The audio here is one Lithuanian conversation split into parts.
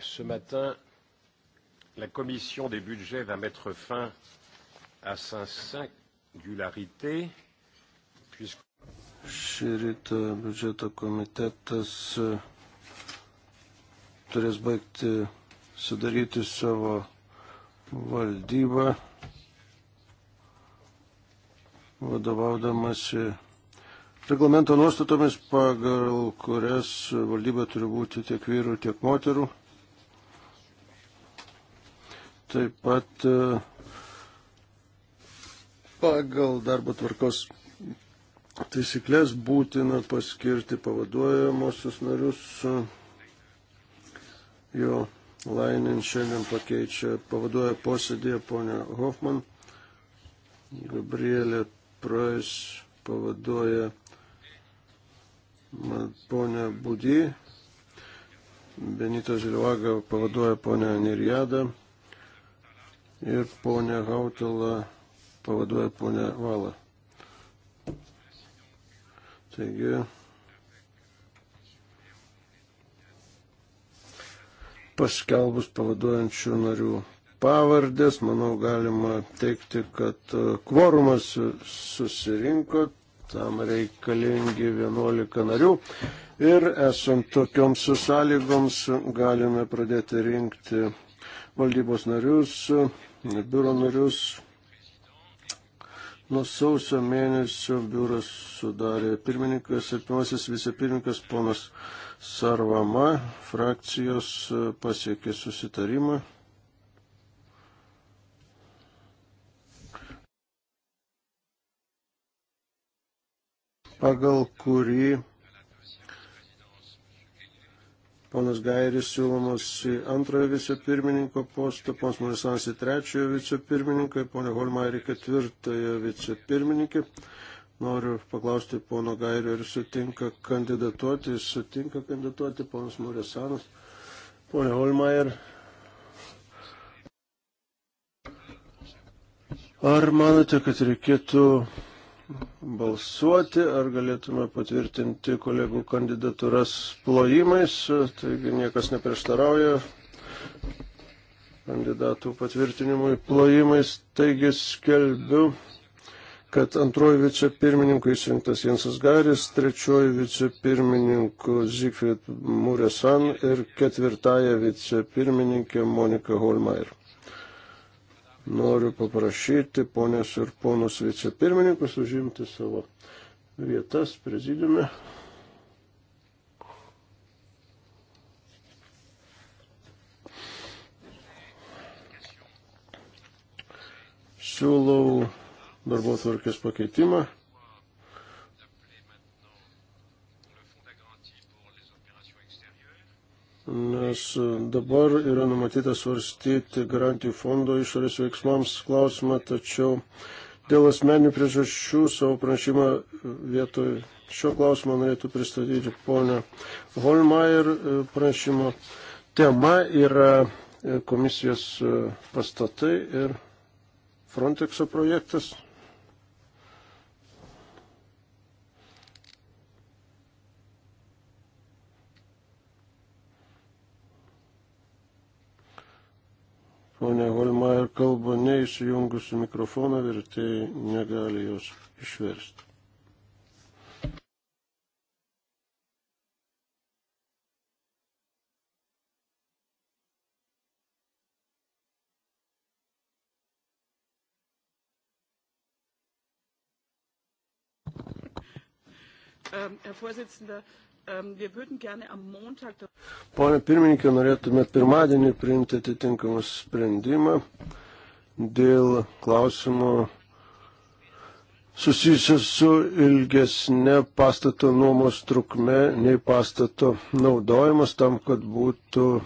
ce matin, la commission des budgets va mettre fin à sa singularité, puisque. Šį rytą biudžeto komitetas e, turės baigti sudaryti savo valdybą, vadovaudamasi reglamento nuostatomis, pagal kurias valdyba turi būti tiek vyrų, tiek moterų. Taip pat e, pagal darbo tvarkos taisyklės būtina paskirti pavaduojamosius narius. Jo Lainin šiandien pakeičia, pavaduoja posėdėje ponia Hoffman. Gabrielė Prais pavaduoja ponia Budį. Benito Žilvaga pavaduoja ponia Nirjadą ir ponė Hautela pavaduoja ponę Valą. Taigi, paskelbus pavaduojančių narių pavardės, manau, galima teikti, kad e, kvorumas susirinko, tam reikalingi 11 narių. Ir esant tokioms sąlygoms galime pradėti rinkti valdybos narius biuro narius. Nuo sausio mėnesio biuras sudarė pirmininkas ir pirmasis vicepirmininkas ponas Sarvama. Frakcijos e, pasiekė susitarimą. pagal kurį Ponas Gairis siūlomas į antrojo vicepirmininko postą, ponas Morisanas į trečiojo vicepirmininką, ponė Holmairį ketvirtojo vicepirmininkį. Noriu paklausti pono Gairio, ar sutinka kandidatuoti, jis sutinka kandidatuoti, ponas Morisanas. Pone Holmair, ar manote, kad reikėtų balsuoti, ar galėtume patvirtinti kolegų kandidatūras plojimais, taigi niekas neprieštarauja kandidatų patvirtinimui plojimais, taigi skelbiu, kad antroji vicepirmininkų išrinktas Jensas Garis, trečioji vicepirmininkų Zygfried Muresan ir ketvirtąją vicepirmininkę Moniką Holmair noriu paprašyti ponės ir ponus vicepirmininkus užimti savo vietas prezidiume. Siūlau darbo tvarkės pakeitimą. nes dabar yra numatyta svarstyti garantijų fondo išorės veiksmams klausimą, tačiau dėl asmeninių priežasčių savo pranešimą vietoj šio klausimo norėtų pristatyti ponę Holmeier. Pranešimo tema yra komisijos pastatai ir Frontexo projektas. Pone Holmaier kalba neįsijungusi mikrofoną, vertėjai negali jos išversti. Ähm, herr präsident! Ähm, Pone pirmininkė, norėtume pirmadienį priimti atitinkamą sprendimą dėl klausimo susijusios su ilgesne pastato nuomos trukme nei pastato naudojimas tam, kad būtų uh,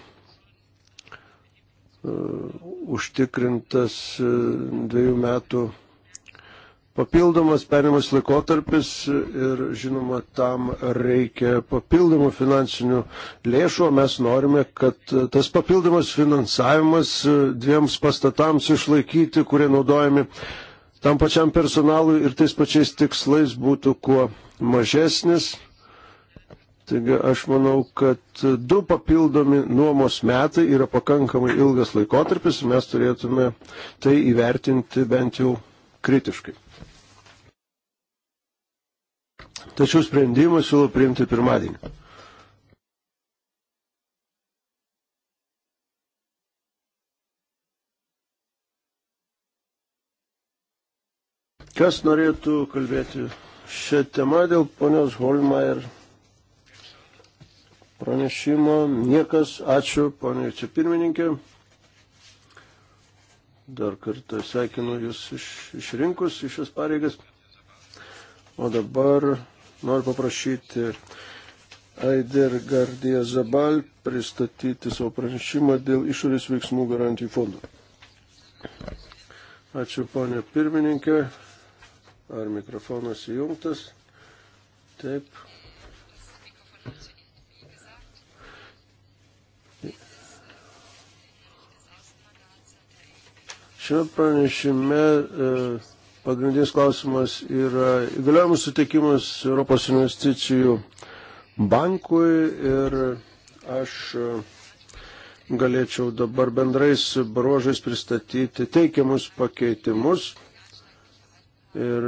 užtikrintas uh, dviejų metų papildomas perimas laikotarpis ir žinoma, tam reikia papildomų finansinių lėšų, o mes norime, kad tas papildomas finansavimas dviems pastatams išlaikyti, kurie naudojami tam pačiam personalui ir tais pačiais tikslais būtų kuo mažesnis. Taigi aš manau, kad du papildomi nuomos metai yra pakankamai ilgas laikotarpis ir mes turėtume tai įvertinti bent jau kritiškai. tačiau sprendimą siūlau priimti pirmadienį. Kas norėtų kalbėti šią temą dėl ponios Holmeier pranešimo? Niekas. Ačiū, ponė vicepirmininkė. Dar kartą sveikinu Jūs iš, išrinkus iš šias pareigas. O dabar Noriu paprašyti Aider Gardija Zabal pristatyti savo pranešimą dėl išorės veiksmų garantijų fondų. Ačiū, ponė pirmininkė. Ar mikrofonas įjungtas? Taip. Šiame pranešime e, Pagrindinis klausimas yra įgaliojimų sutikimas Europos investicijų bankui ir aš e, galėčiau dabar bendrais brožais pristatyti teikiamus pakeitimus ir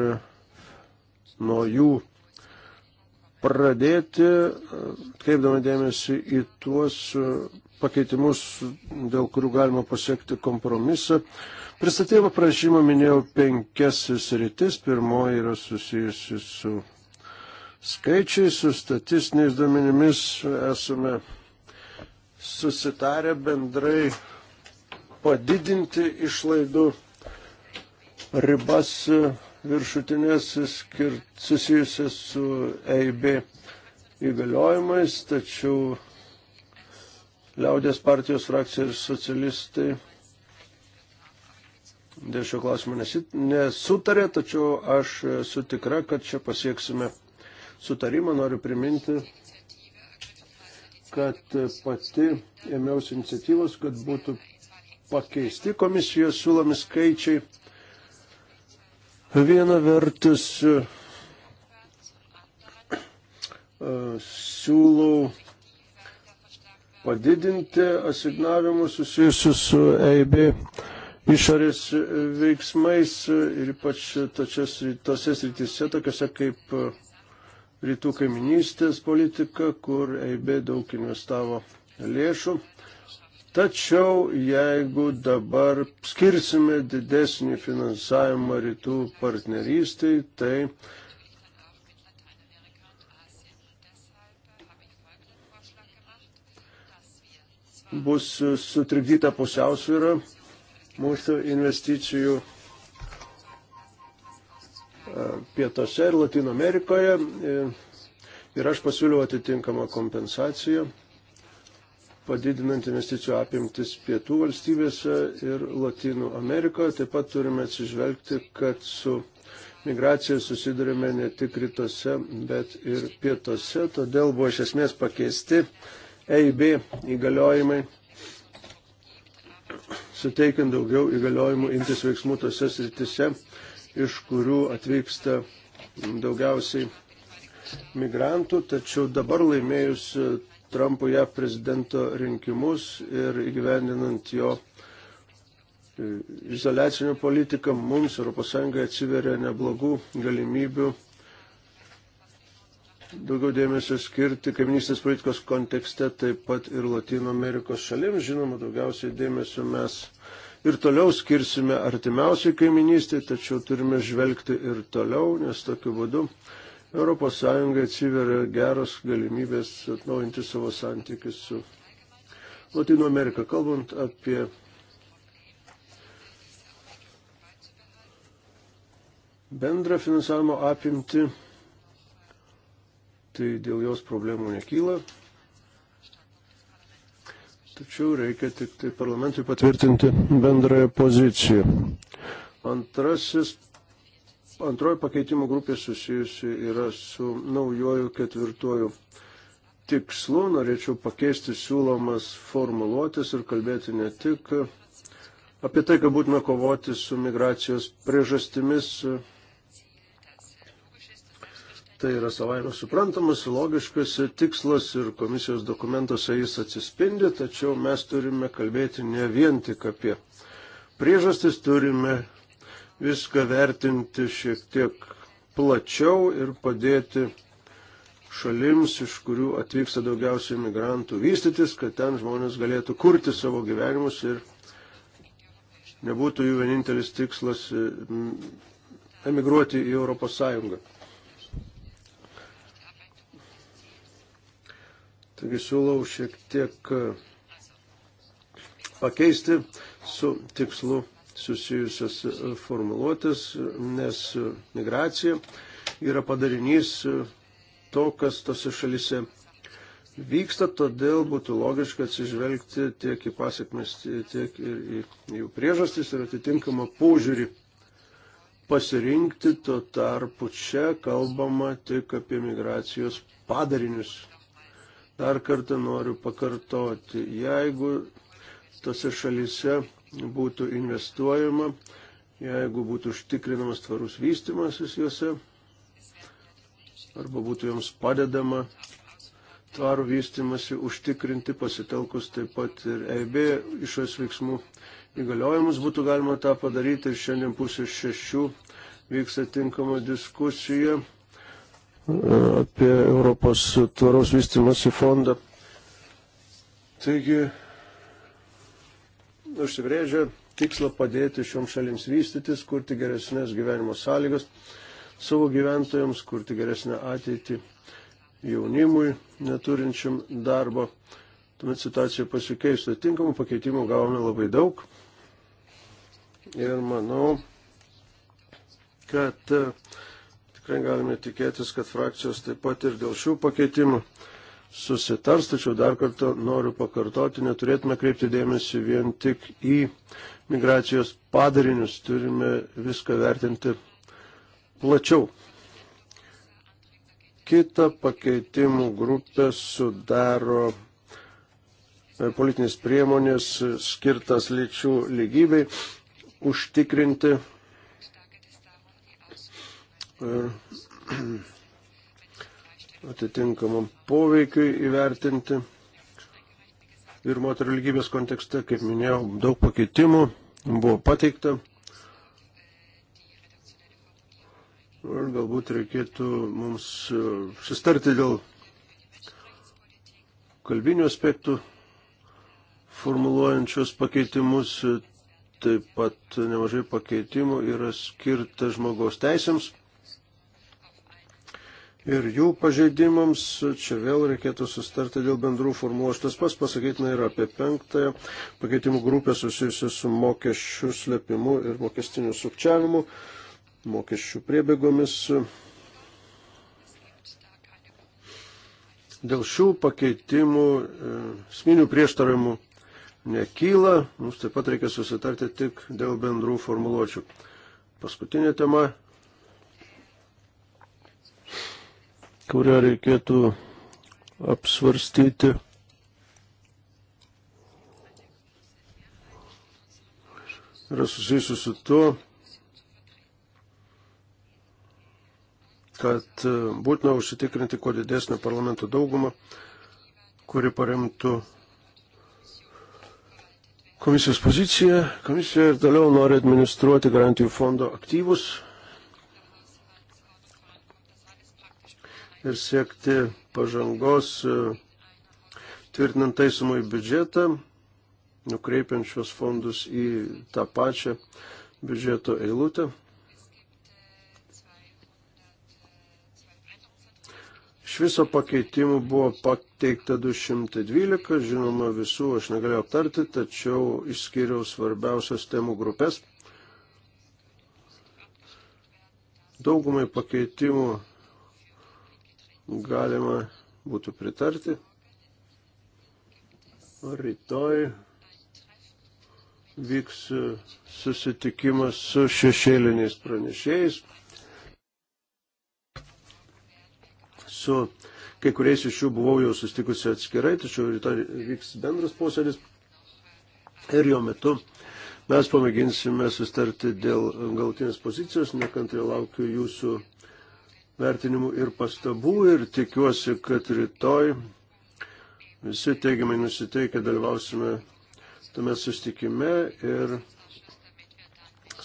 nuo jų pradėti, e, kreipdama dėmesį į tuos e, pakeitimus, dėl kurių galima pasiekti kompromisą Pristatydama prašymą minėjau penkias sritis. Pirmoji yra susijusi su skaičiais, su statistiniais duomenimis. Esame susitarę bendrai padidinti išlaidų ribas viršutinės susijusias su EIB įgaliojimais, tačiau Liaudės partijos frakcija ir socialistai dėl šio klausimo nesutarė, tačiau aš esu tikra, kad čia pasieksime sutarimą. Noriu priminti, kad pati ėmiausi iniciatyvos, kad būtų pakeisti komisijos siūlomi skaičiai. Viena vertus e, siūlau padidinti asignavimus susijusius su EIB išorės veiksmais ir ypač točios, tose srityse, tokiose kaip e, rytų kaiminystės politika, kur EIB daug investavo lėšų. Tačiau jeigu dabar skirsime didesnį finansavimą rytų partnerystai, tai bus sutrikdyta pusiausvyrą mūsų investicijų e, pietose ir Latino Amerikoje. E, ir aš pasiūliau atitinkamą kompensaciją, padidinant investicijų apimtis pietų valstybėse ir Latino Amerikoje. Taip pat turime atsižvelgti, kad su migracija susidurime ne tik rytuose, bet ir pietuose. Todėl buvo iš esmės pakeisti EIB įgaliojimai suteikiant daugiau įgaliojimų imtis veiksmų tose sritise, iš kurių atvyksta daugiausiai migrantų, tačiau dabar laimėjus Trumpo JAV prezidento rinkimus ir įgyvendinant jo e, izolacinę politiką, mums ES atsiveria neblogų galimybių daugiau dėmesio skirti kaiminystės politikos kontekste taip pat ir Latino Amerikos šalims. Žinoma, daugiausiai dėmesio mes ir toliau skirsime artimiausiai kaiminystėje, tačiau turime žvelgti ir toliau, nes tokiu būdu ES atsiveria geros galimybės atnaujinti savo santykius su Latino Amerika. Kalbant apie bendrą finansavimo apimti tai dėl jos problemų nekyla. Tačiau reikia tik tai parlamentui patvirtinti bendrąją poziciją. Antrasis, antroji pakeitimų grupė susijusi yra su naujoju ketvirtoju tikslu. Norėčiau pakeisti siūlomas formuluotis ir kalbėti ne tik apie tai, kad būtina kovoti su migracijos priežastimis tai yra savaime suprantamas, logiškas tikslas ir komisijos dokumentuose jis atsispindi, tačiau mes turime kalbėti ne vien tik apie priežastis, turime viską vertinti šiek tiek plačiau ir padėti šalims, iš kurių atvyksta daugiausiai imigrantų, vystytis, kad ten žmonės galėtų kurti savo gyvenimus ir nebūtų jų vienintelis tikslas mm, emigruoti į Europos Sąjungą. Taigi siūlau šiek tiek e, pakeisti su tikslu susijusias e, formuluotis, nes e, migracija yra padarinys to, kas tose šalise vyksta, todėl būtų logiška atsižvelgti tiek į pasiekmes, tiek ir į jų priežastis ir atitinkamą požiūrį pasirinkti, tuo tarpu čia kalbama tik apie migracijos padarinius Dar kartą noriu pakartoti, jeigu tose šalise būtų investuojama, jeigu būtų užtikrinamas tvarus vystimasis juose, arba būtų joms padedama tvarų vystimasi užtikrinti pasitelkus taip pat ir EIB išorės veiksmų įgaliojimus būtų galima tą padaryti ir šiandien pusės šešių vyks atitinkama diskusija apie Europos tvaraus vystimosi fondą. Taigi, užsibrėžia tikslą padėti šioms šalims vystytis, kurti geresnės gyvenimo sąlygas savo gyventojams, kurti geresnę ateitį jaunimui neturinčiam darbo. Tuomet situacija pasikeistų. Tai tinkamų pakeitimų gavome labai daug. Ir manau, kad uh, tikrai galime tikėtis, kad frakcijos taip pat ir dėl šių pakeitimų susitars, tačiau dar kartą noriu pakartoti, neturėtume kreipti dėmesį vien tik į migracijos padarinius, turime viską vertinti plačiau. Kita pakeitimų grupė sudaro e, politinės priemonės skirtas lyčių lygybei užtikrinti atitinkamam poveikiui įvertinti. Ir moterų lygybės kontekste, kaip minėjau, daug pakeitimų buvo pateikta. Ir galbūt reikėtų mums e, sustarti dėl kalbinių aspektų, formuluojančios pakeitimus. Taip pat nemažai pakeitimų yra skirta žmogaus teisėms ir jų pažeidimams. Čia vėl reikėtų sustarti dėl bendrų formuluočių. Tas pas pasakytina ir apie penktąją pakeitimų grupę susijusią su mokesčių slėpimu ir mokestiniu sukčiavimu, mokesčių priebėgomis. Dėl šių pakeitimų e, sminių prieštaravimų nekyla, mums taip pat reikia susitarti tik dėl bendrų formuluočių. Paskutinė tema kurią reikėtų apsvarstyti. Yra susijusi su tuo, kad būtina užsitikrinti kuo didesnę parlamento daugumą, kuri paremtų komisijos poziciją. Komisija ir toliau nori administruoti garantijų fondo aktyvus ir siekti pažangos e, tvirtinant taisomai biudžetą, nukreipiant šios fondus į tą pačią biudžeto eilutę. Iš viso pakeitimų buvo pateikta 212, žinoma visų aš negalėjau aptarti, tačiau išskyriau svarbiausias temų grupės. Daugumai pakeitimų galima būtų pritarti. O rytoj vyks susitikimas su šešėliniais pranešėjais, su kai kuriais iš jų buvau jau sustikusi atskirai, tačiau rytoj vyks bendras posėdis ir jo metu mes pamėginsime sustarti dėl galtinės pozicijos, nekantrai laukiu jūsų vertinimų ir pastabų ir tikiuosi, kad rytoj visi teigiamai nusiteikę dalyvausime tame sustikime ir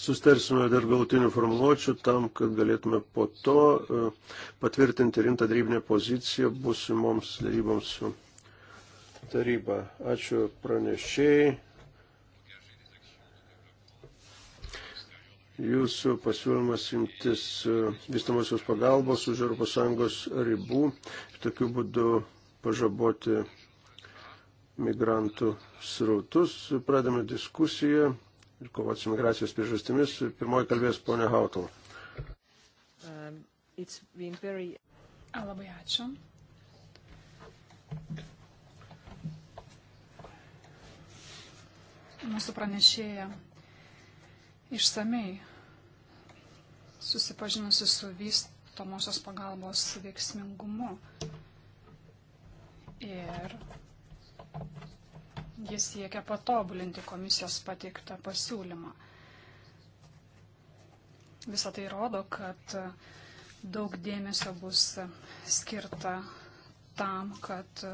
sustarsime dar gautinių formuluočių tam, kad galėtume po to e, patvirtinti rimtą darybinę poziciją busimoms daryboms su taryba. Ačiū pranešėjai. jūsų pasiūlymas imtis e, vystamosios pagalbos už ES ribų ir tokiu būdu pažaboti migrantų srautus. Pradame diskusiją ir kovoti su migracijos priežastimis. Pirmoji kalbės ponia Hautala. Um, very... Labai ačiū. Mūsų pranešėja išsamei susipažinusi su vystomosios pagalbos veiksmingumu. Ir jis siekia patobulinti komisijos pateiktą pasiūlymą. Visą tai rodo, kad daug dėmesio bus skirta tam, kad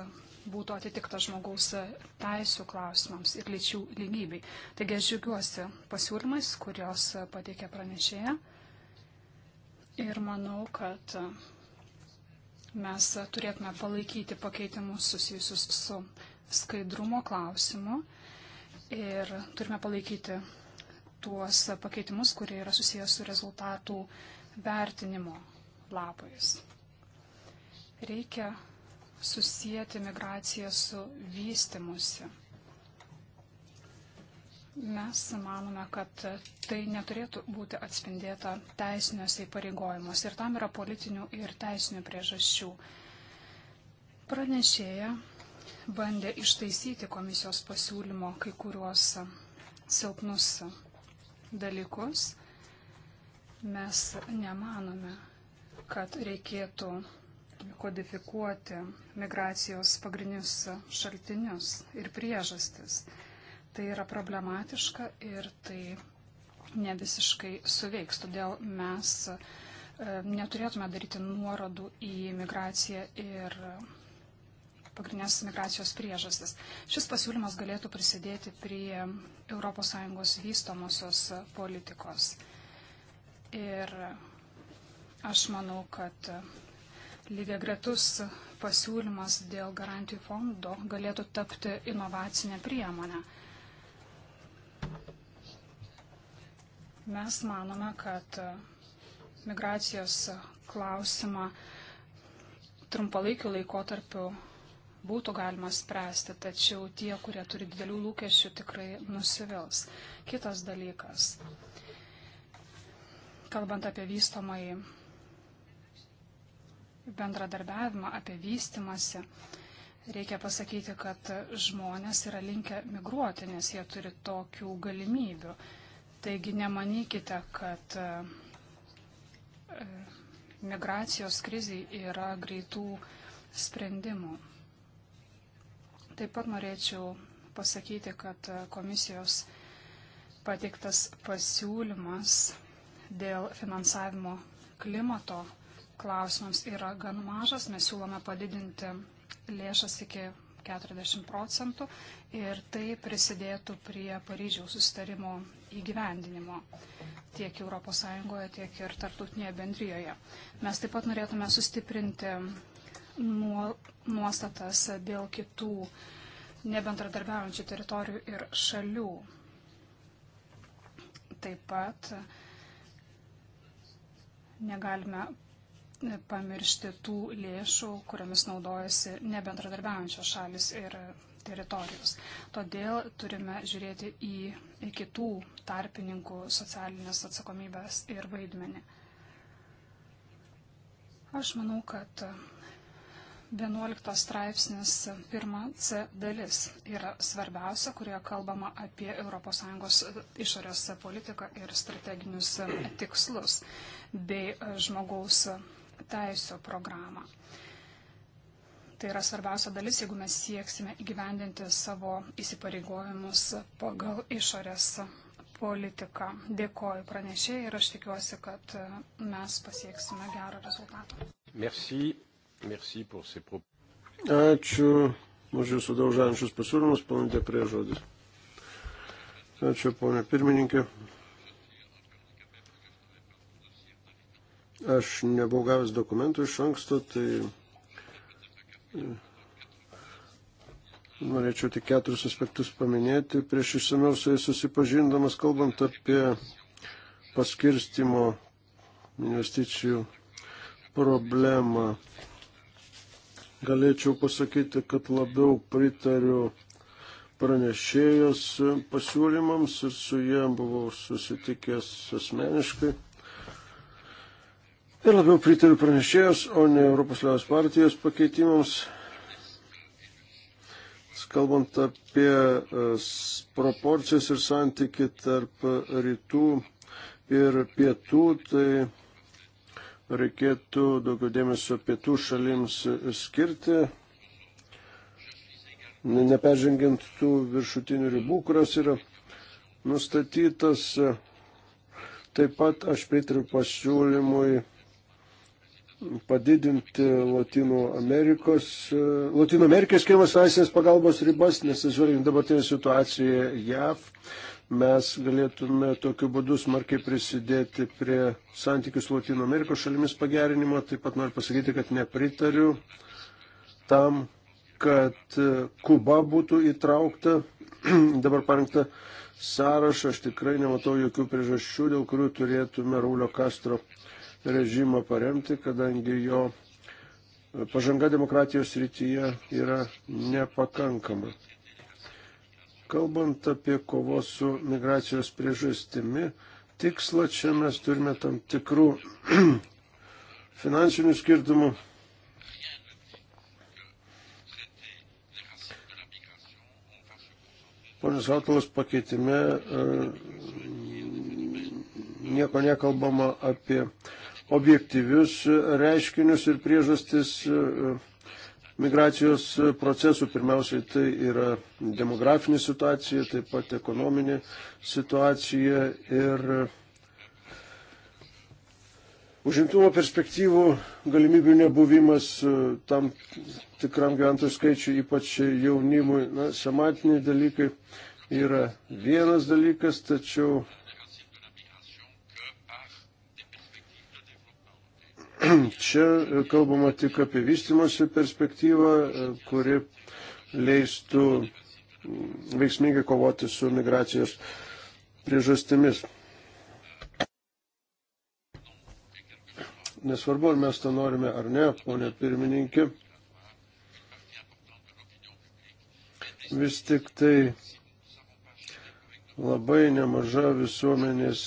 būtų atitikta žmogaus teisų klausimams ir lyčių lygybei. Taigi aš džiugiuosi pasiūlymais, kurios pateikė pranešėja. Ir manau, kad mes turėtume palaikyti pakeitimus susijusius su skaidrumo klausimu ir turime palaikyti tuos pakeitimus, kurie yra susijęs su rezultatų vertinimo lapais. Reikia susijęti migraciją su vystimusi. Mes manome, kad tai neturėtų būti atspindėta teisiniuose įpareigojimuose ir tam yra politinių ir teisinių priežasčių. Pranešėja bandė ištaisyti komisijos pasiūlymo kai kuriuos silpnus dalykus. Mes nemanome, kad reikėtų kodifikuoti migracijos pagrindinius šaltinius ir priežastis tai yra problematiška ir tai ne visiškai suveiks. Todėl mes e, neturėtume daryti nuorodų į migraciją ir pagrindinės migracijos priežastis. Šis pasiūlymas galėtų prisidėti prie ES vystomosios politikos. Ir aš manau, kad lygiai gretus pasiūlymas dėl garantijų fondo galėtų tapti inovacinę priemonę. Mes manome, kad e, migracijos klausimą trumpalaikiu laikotarpiu būtų galima spręsti, tačiau tie, kurie turi didelių lūkesčių, tikrai nusivils. Kitas dalykas, kalbant apie vystomąjį bendradarbiavimą, apie vystimąsi, reikia pasakyti, kad žmonės yra linkę migruoti, nes jie turi tokių galimybių. Taigi nemanykite, kad e, migracijos kriziai yra greitų sprendimų. Taip pat norėčiau pasakyti, kad e, komisijos pateiktas pasiūlymas dėl finansavimo klimato klausimams yra gan mažas. Mes siūlome padidinti lėšas iki 40 procentų ir tai prisidėtų prie Paryžiaus sustarimo įgyvendinimo tiek ES, tiek ir tarptautinėje bendryjoje. Mes taip pat norėtume sustiprinti nuostatas dėl kitų nebendradarbiaujančių teritorijų ir šalių. Taip pat negalime pamiršti tų lėšų, kuriamis naudojasi nebendradarbiaujančios šalis ir teritorijos. Todėl turime žiūrėti į kitų tarpininkų socialinės atsakomybės ir vaidmenį. Aš manau, kad 11 straipsnis 1c dalis yra svarbiausia, kurioje kalbama apie ES išorės politiką ir strateginius tikslus bei žmogaus teisų programą. Tai yra svarbiausia dalis, jeigu mes sieksime įgyvendinti savo įsipareigojimus pagal išorės politiką. Dėkoju pranešėjai ir aš tikiuosi, kad mes pasieksime gerą rezultatą. Merci. Merci pour ces propos. Ačiū už jūsų daužančius pasiūlymus, ponė Deprė žodis. Ačiū, ponė pirmininkė. Aš nebuvau gavęs dokumentų iš anksto, tai e, norėčiau tik keturis aspektus paminėti. Prieš išsamiau su jais susipažindamas, kalbant apie paskirstimo investicijų problemą, galėčiau pasakyti, kad labiau pritariu pranešėjos pasiūlymams ir su jie buvau susitikęs asmeniškai. Ir labiau pritariu pranešėjos, o ne Europos Liaudės partijos pakeitimams. Kalbant apie e, proporcijas ir santyki tarp rytų ir pietų, tai reikėtų daugiau dėmesio pietų šalims skirti, neperžengiant tų viršutinių ribų, kurios yra nustatytas. Taip pat aš pritariu pasiūlymui padidinti Latino Amerikos, e, Latino Amerikos skirimas teisinės pagalbos ribas, nes atsižvelgiant dabartinę situaciją JAV, mes galėtume tokiu būdu smarkiai prisidėti prie santykių su Latino Amerikos šalimis pagerinimo. Taip pat noriu pasakyti, kad nepritariu tam, kad Kuba būtų įtraukta dabar parengta sąrašą. Aš tikrai nematau jokių priežasčių, dėl kurių turėtume Raulio Kastro režimą paremti, kadangi jo pažanga demokratijos rytyje yra nepakankama. Kalbant apie kovos su migracijos priežastimi, tikslą čia mes turime tam tikrų finansinių skirtumų. Ponas Autolas pakeitime e, nieko nekalbama apie uh, objektyvius reiškinius ir priežastis e, migracijos procesų. Pirmiausiai tai yra demografinė situacija, taip pat ekonominė situacija ir e, užimtumo perspektyvų galimybių nebuvimas e, tam tikram gyventojų skaičiui, ypač jaunimui. Na, sematiniai dalykai yra vienas dalykas, tačiau Čia kalbama tik apie vystimosi perspektyvą, e, kuri leistų veiksmingai kovoti su migracijos priežastimis. Nesvarbu, ar mes tą norime ar ne, ponė pirmininkė. Vis tik tai labai nemaža visuomenės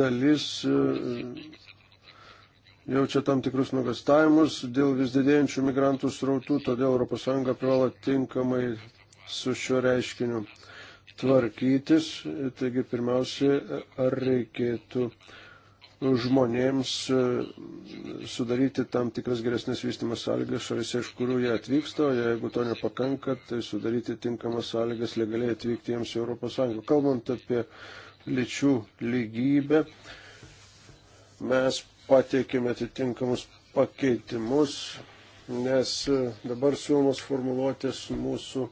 dalis e, jaučia tam tikrus nugastavimus dėl vis didėjančių migrantų srautų, todėl ES privalo tinkamai su šiuo reiškiniu tvarkytis. Taigi pirmiausia, ar reikėtų žmonėms e, sudaryti tam tikras geresnės vystimas sąlygas šalise, iš kurių jie atvyksta, o jeigu to nepakanka, tai sudaryti tinkamas sąlygas legaliai atvykti jiems į ES. Kalbant apie lyčių lygybę, mes pateikėme atitinkamus pakeitimus, nes e, dabar siūlomos formuluotės mūsų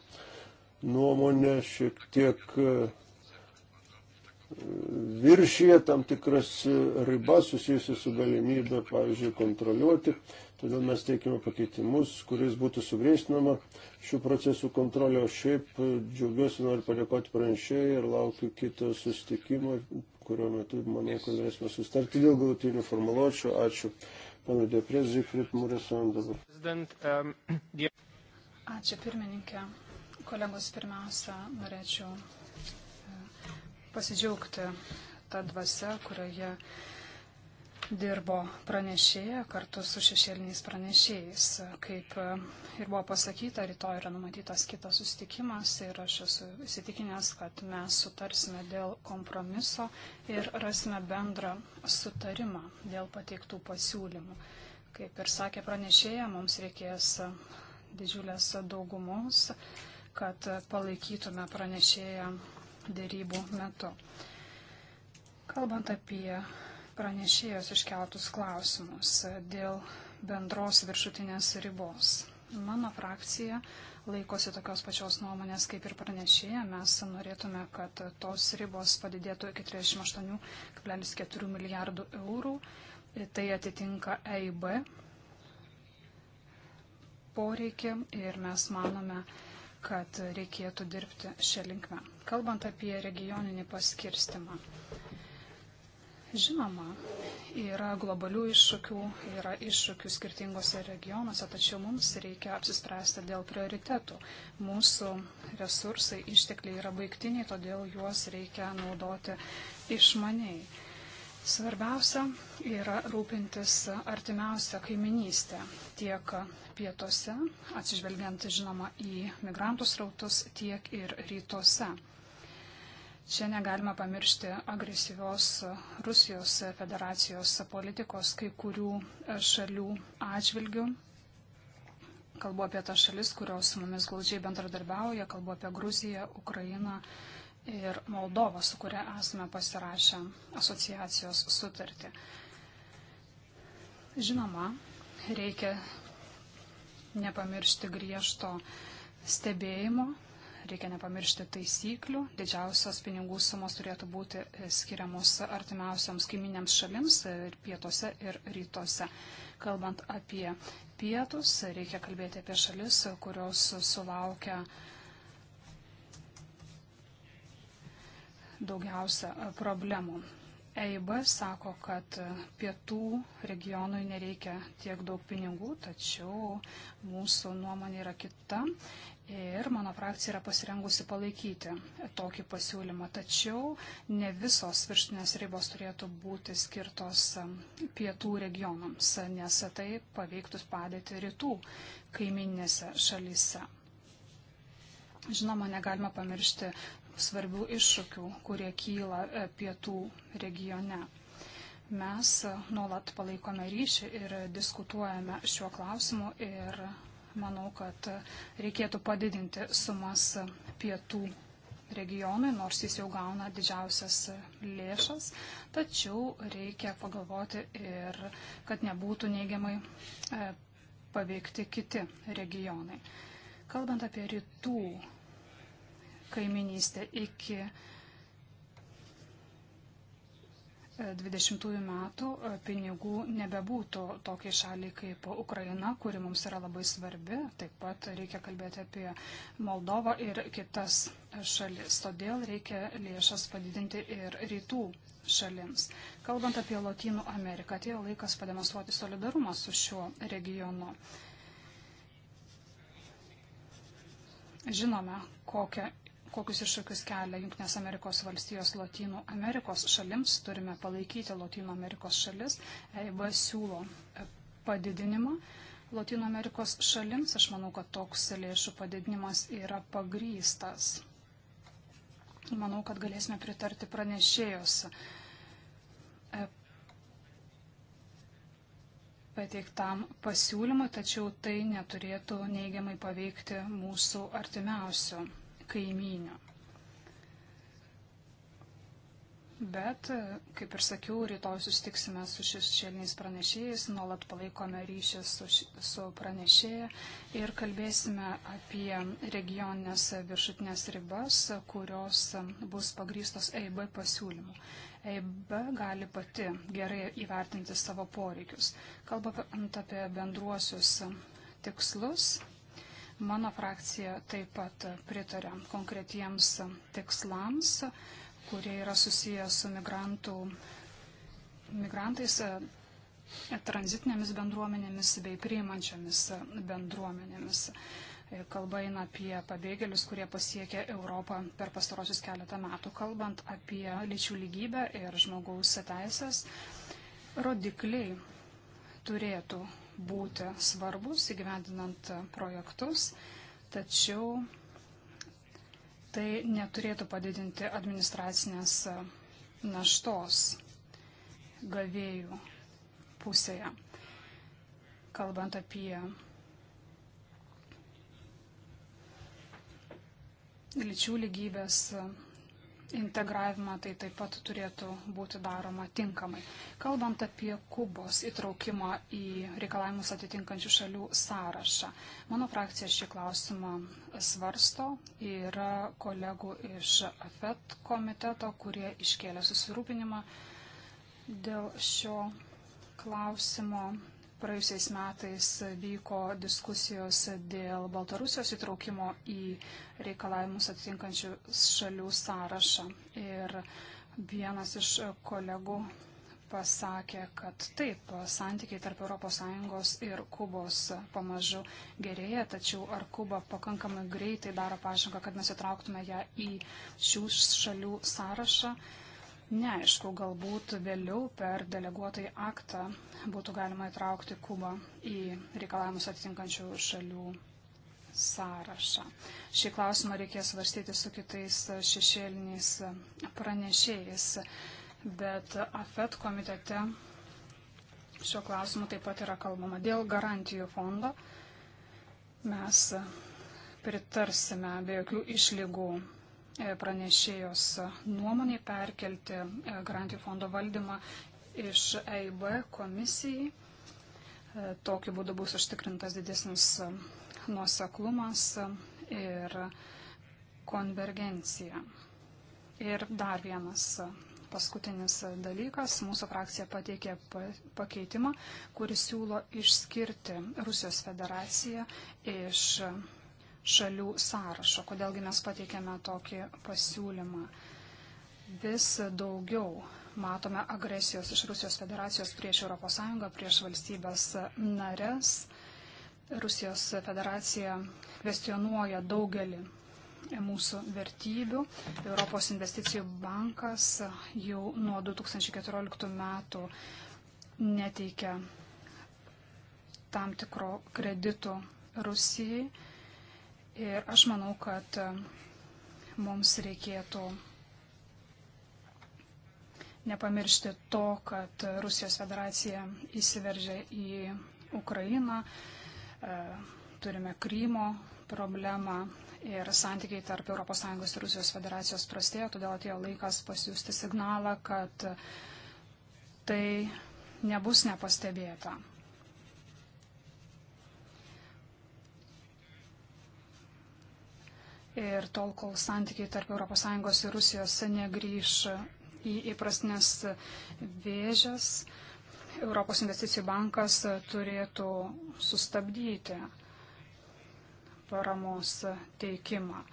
nuomonė šiek tiek e, viršyje tam tikras e, ribas susijusi su galimybė, pavyzdžiui, kontroliuoti. Todėl mes teikime pakeitimus, kuriais būtų sugrėstinama šių procesų kontrolė. O šiaip džiaugiuosi, noriu padėkoti pranešėjai ir laukiu kito sustikimo kurio metu manau, kad galėsime sustarti dėl galutinių formuluočių. Ačiū. Pana Deprez, Zikrit Muresan dabar. Um, ačiū pirmininkė. Kolegos, pirmiausia, norėčiau uh, pasidžiaugti tą dvasę, kurioje dirbo pranešėja kartu su šešėliniais pranešėjais. Kaip e, ir buvo pasakyta, rytoj yra numatytas kitas susitikimas ir aš esu įsitikinęs, kad mes sutarsime dėl kompromiso ir rasime bendrą sutarimą dėl pateiktų pasiūlymų. Kaip ir sakė pranešėja, mums reikės didžiulės daugumos, kad palaikytume pranešėją dėrybų metu. Kalbant apie pranešėjos iškeltus klausimus dėl bendros viršutinės ribos. Mano frakcija laikosi tokios pačios nuomonės kaip ir pranešėja. Mes norėtume, kad tos ribos padidėtų iki 38,4 milijardų eurų. Tai atitinka EIB poreikį ir mes manome, kad reikėtų dirbti šią linkmę. Kalbant apie regioninį paskirstimą, Žinoma, yra globalių iššūkių, yra iššūkių skirtingose regionuose, tačiau mums reikia apsispręsti dėl prioritetų. Mūsų resursai, ištekliai yra baigtiniai, todėl juos reikia naudoti išmaniai. Svarbiausia yra rūpintis artimiausią kaiminystę tiek pietuose, atsižvelgiant žinoma į migrantų srautus, tiek ir rytuose. Čia negalima pamiršti agresyvios Rusijos federacijos politikos kai kurių e, šalių atžvilgių. Kalbu apie tą šalis, kurios su mumis glaudžiai bendradarbiauja, kalbu apie Gruziją, Ukrainą ir Moldovą, su kuria esame pasirašę asociacijos sutartį. Žinoma, reikia nepamiršti griežto stebėjimo Reikia nepamiršti taisyklių. Didžiausios pinigų sumos turėtų būti e, skiriamos artimiausioms kaiminėms šalims e, ir pietuose ir rytuose. Kalbant apie pietus, reikia kalbėti apie šalis, kurios sulaukia daugiausia e, problemų. EIB sako, kad pietų regionui nereikia tiek daug pinigų, tačiau mūsų nuomonė yra kita ir mano frakcija yra pasirengusi palaikyti tokį pasiūlymą. Tačiau ne visos virštinės ribos turėtų būti skirtos um, pietų regionams, nes tai paveiktus padėti rytų kaiminėse šalyse. Žinoma, negalima pamiršti svarbių iššūkių, kurie kyla e, pietų regione. Mes e, nuolat palaikome ryšį ir diskutuojame šiuo klausimu ir manau, kad reikėtų padidinti sumas pietų regionui, nors jis jau gauna didžiausias lėšas, tačiau reikia pagalvoti ir kad nebūtų neigiamai e, paveikti kiti regionai. Kalbant apie rytų kaiminystę iki 20 metų e, pinigų nebebūtų tokiai šaliai kaip Ukraina, kuri mums yra labai svarbi. Taip pat reikia kalbėti apie Moldovą ir kitas šalis. Todėl reikia lėšas padidinti ir rytų šalims. Kalbant apie Latinų Ameriką, atėjo laikas pademonstruoti solidarumą su šiuo regionu. Žinome, kokią kokius iššūkius kelia Junktinės Amerikos valstijos Latino Amerikos šalims. Turime palaikyti Latino Amerikos šalis. EIB siūlo e, padidinimą Latino Amerikos šalims. Aš manau, kad toks lėšų padidinimas yra pagrystas. Manau, kad galėsime pritarti pranešėjos e, pateiktam pasiūlymui, tačiau tai neturėtų neigiamai paveikti mūsų artimiausių kaimynių. Bet, kaip ir sakiau, rytoj susitiksime su šešėliniais pranešėjais, nuolat palaikome ryšį su, su pranešėja ir kalbėsime apie regioninės viršutinės ribas, kurios bus pagrystos EIB pasiūlymu. EIB gali pati gerai įvertinti savo poreikius. Kalbant apie bendruosius tikslus, Mano frakcija taip pat pritarė konkretiems tikslams, kurie yra susiję su migrantų, migrantais, e, tranzitinėmis bendruomenėmis bei priimančiamis bendruomenėmis. E, kalba eina apie pabėgėlius, kurie pasiekė Europą per pastarosius keletą metų, kalbant apie lyčių lygybę ir žmogaus teisės. Rodikliai turėtų būti svarbus įgyvendinant projektus, tačiau tai neturėtų padidinti administracinės naštos gavėjų pusėje. Kalbant apie lyčių lygybės integravimą, tai taip pat turėtų būti daroma tinkamai. Kalbant apie Kubos įtraukimą į reikalavimus atitinkančių šalių sąrašą, mano frakcija šį klausimą svarsto. Yra kolegų iš AFET komiteto, kurie iškėlė susirūpinimą dėl šio klausimo Praėjusiais metais vyko diskusijos dėl Baltarusijos įtraukimo į reikalavimus atitinkančių šalių sąrašą. Ir vienas iš kolegų pasakė, kad taip, santykiai tarp ES ir Kubos pamažu gerėja, tačiau ar Kuba pakankamai greitai daro pažangą, kad mes įtrauktume ją į šių šalių sąrašą, Neaišku, galbūt vėliau per deleguotai aktą būtų galima įtraukti Kubą į reikalavimus atitinkančių šalių sąrašą. Šį klausimą reikės svarstyti su kitais šešėliniais pranešėjais, bet AFET komitete šio klausimu taip pat yra kalbama. Dėl garantijų fondo mes pritarsime be jokių išlygų pranešėjos nuomonį perkelti e, garantijų fondo valdymą iš EIB komisijai. E, tokiu būdu bus užtikrintas didesnis e, nuoseklumas ir konvergencija. Ir dar vienas paskutinis dalykas. Mūsų frakcija pateikė pakeitimą, kuris siūlo išskirti Rusijos federaciją iš šalių sąrašo. Kodėlgi mes pateikėme tokį pasiūlymą. Vis daugiau matome agresijos iš Rusijos federacijos prieš ES, prieš valstybės nares. Rusijos federacija kvestionuoja daugelį mūsų vertybių. Europos investicijų bankas jau nuo 2014 metų neteikia tam tikro kredito Rusijai. Ir aš manau, kad e, mums reikėtų nepamiršti to, kad Rusijos federacija įsiveržė į Ukrainą, e, turime Krymo problemą ir santykiai tarp ES ir Rusijos federacijos prastėjo, todėl atėjo laikas pasiūsti signalą, kad tai nebus nepastebėta. ir tol, kol santykiai tarp ES ir Rusijos negrįž į įprastinės vėžės, Europos investicijų bankas turėtų sustabdyti paramos teikimą.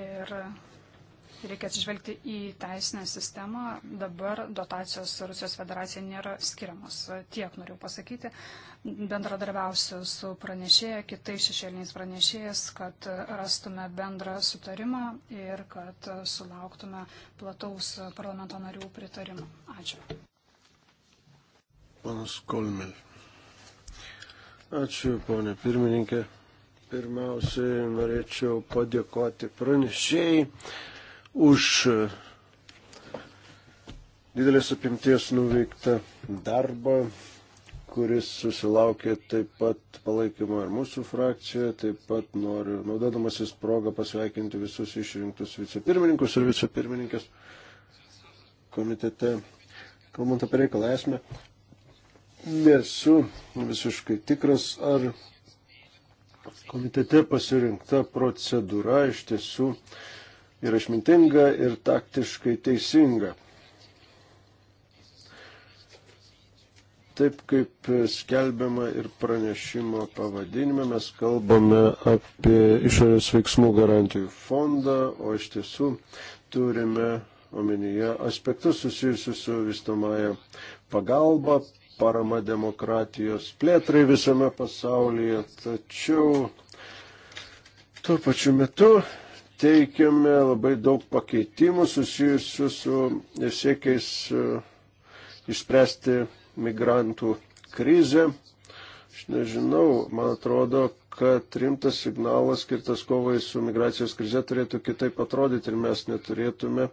Ir Reikia atsižvelgti į teisinę sistemą. Dabar dotacijos Rusijos federacija nėra skiriamos. Tiek noriu pasakyti. Bendradarbiausiu su pranešėja, kitais šešėliniais pranešėjais, kad rastume bendrą sutarimą ir kad sulauktume plataus parlamento narių pritarimo. Ačiū. Panas Kolmel. Ačiū, ponė pirmininkė. Pirmiausiai norėčiau padėkoti pranešėjai už didelės apimties nuveiktą darbą, kuris susilaukė taip pat palaikymo ir mūsų frakcijoje. Taip pat noriu, naudodamasis progą, pasveikinti visus išrinktus vicepirmininkus ir vicepirmininkės komitete. Kalbant apie reikalą esmę, nesu visiškai tikras, ar komitete pasirinkta procedūra iš tiesų uh, yra išmintinga ir taktiškai teisinga. Taip kaip skelbiama ir pranešimo pavadinime, mes kalbame apie išorės veiksmų garantijų fondą, o iš tiesų turime omenyje aspektus susijusius su vystamąją pagalbą, parama demokratijos plėtrai visame pasaulyje. Tačiau tuo pačiu metu teikiame labai daug pakeitimų susijusių su siekiais e, išspręsti migrantų krizę. Aš nežinau, man atrodo, kad rimtas signalas skirtas kovai su migracijos krize turėtų kitaip atrodyti ir mes neturėtume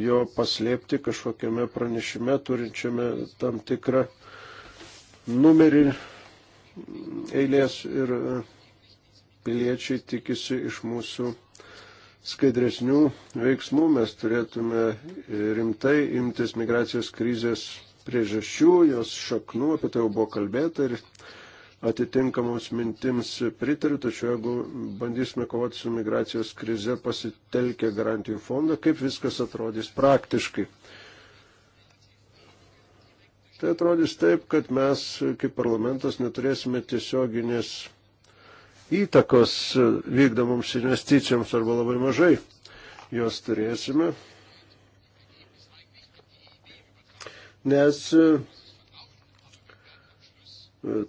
jo paslėpti kažkokiame pranešime turinčiame tam tikrą numerį eilės ir e, piliečiai tikisi iš mūsų skaidresnių veiksmų. Mes turėtume rimtai imtis migracijos krizės priežasčių, jos šaknų, apie tai jau buvo kalbėta ir atitinkamoms mintims pritariu, tačiau jeigu bandysime kovoti su migracijos krize pasitelkę garantijų fondą, kaip viskas atrodys praktiškai. Tai atrodys taip, kad mes kaip parlamentas neturėsime tiesioginės įtakos e, vykdomoms investicijoms arba labai mažai jos turėsime. Nes e, e,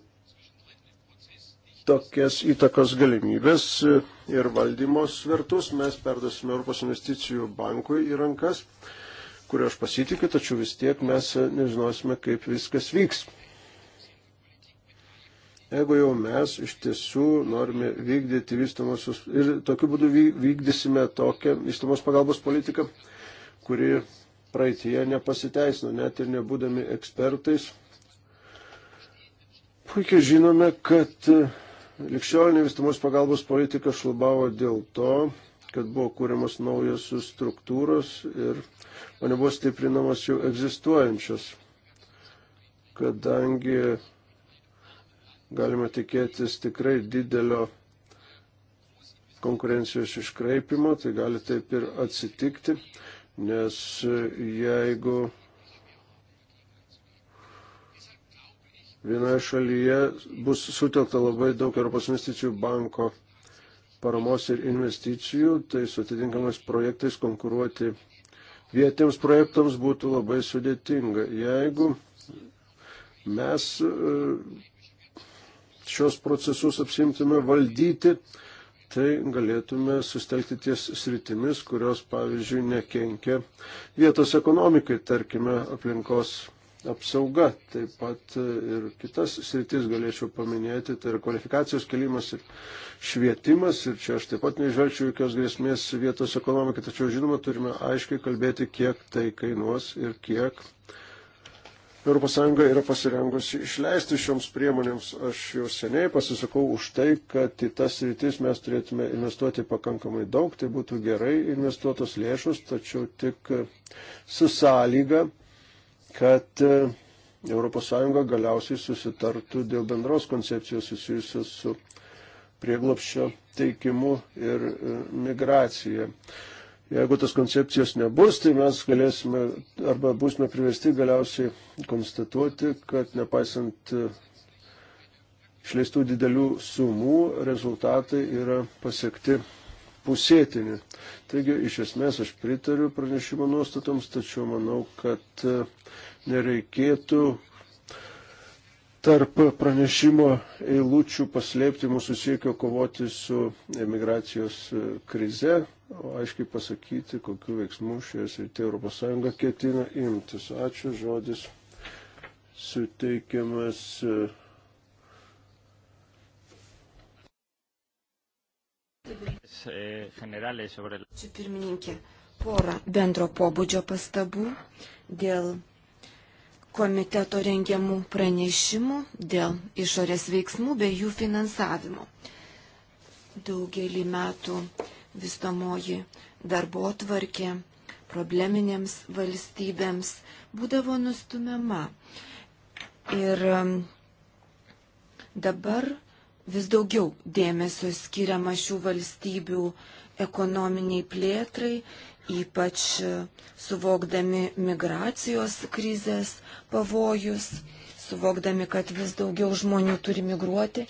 tokias įtakos galimybės ir valdymo svertus mes perdosime Europos investicijų bankui į rankas, kurio aš pasitikiu, tačiau vis tiek mes nežinosime, kaip viskas vyks. Jeigu jau mes iš tiesų norime vykdyti vystamosius ir tokiu būdu vykdysime tokią vystamos pagalbos politiką, kuri praeitie nepasiteisino, net ir nebūdami ekspertais. Puikiai žinome, kad e, likščiolinė vystamos pagalbos politika šlubavo dėl to, kad buvo kūriamos naujos struktūros ir o nebuvo stiprinamos jau egzistuojančios, kadangi galima tikėtis tikrai didelio konkurencijos iškraipimo, tai gali taip ir atsitikti, nes jeigu vienoje šalyje bus sutelkta labai daug Europos investicijų banko paramos ir investicijų, tai su atitinkamais projektais konkuruoti vietiems projektams būtų labai sudėtinga. Jeigu mes šios procesus apsimtume valdyti, tai galėtume sustelkti ties sritimis, kurios, pavyzdžiui, nekenkia vietos ekonomikai, tarkime, aplinkos apsauga. Taip pat e, ir kitas sritis galėčiau paminėti, tai yra kvalifikacijos kelimas ir švietimas. Ir čia aš taip pat nežvelgčiau jokios grėsmės vietos ekonomikai, tačiau žinoma, turime aiškiai kalbėti, kiek tai kainuos ir kiek uh, ES yra pasirengusi išleisti šioms priemonėms. Aš jau seniai pasisakau už tai, kad į tas rytis mes turėtume investuoti pakankamai daug, tai būtų gerai investuotos lėšus, tačiau tik su sąlyga, kad ES galiausiai susitartų dėl bendros koncepcijos susijusios su prieglopščio teikimu ir e, migracija. Jeigu tos koncepcijos nebus, tai mes galėsime arba būsime privesti galiausiai konstatuoti, kad nepaisant e, išleistų didelių sumų, rezultatai yra pasiekti pusėtini. Taigi, iš esmės, aš pritariu pranešimo nuostatoms, tačiau manau, kad e, nereikėtų tarp pranešimo eilučių paslėpti mūsų siekio kovoti su emigracijos e, krize, aiškiai pasakyti, kokiu veiksmu šioje srityje Europos Sąjunga ketina imtis. Ačiū, žodis suteikiamas. Čia pirmininkė, porą bendro pobūdžio pastabų dėl komiteto rengiamų pranešimų, dėl išorės veiksmų bei jų finansavimo. Daugelį metų uh, vystomoji darbo tvarkė probleminėms valstybėms būdavo nustumiama. Ir um, dabar vis daugiau dėmesio skiriama šių valstybių ekonominiai plėtrai, ypač uh, suvokdami migracijos krizės pavojus, suvokdami, kad vis daugiau žmonių turi migruoti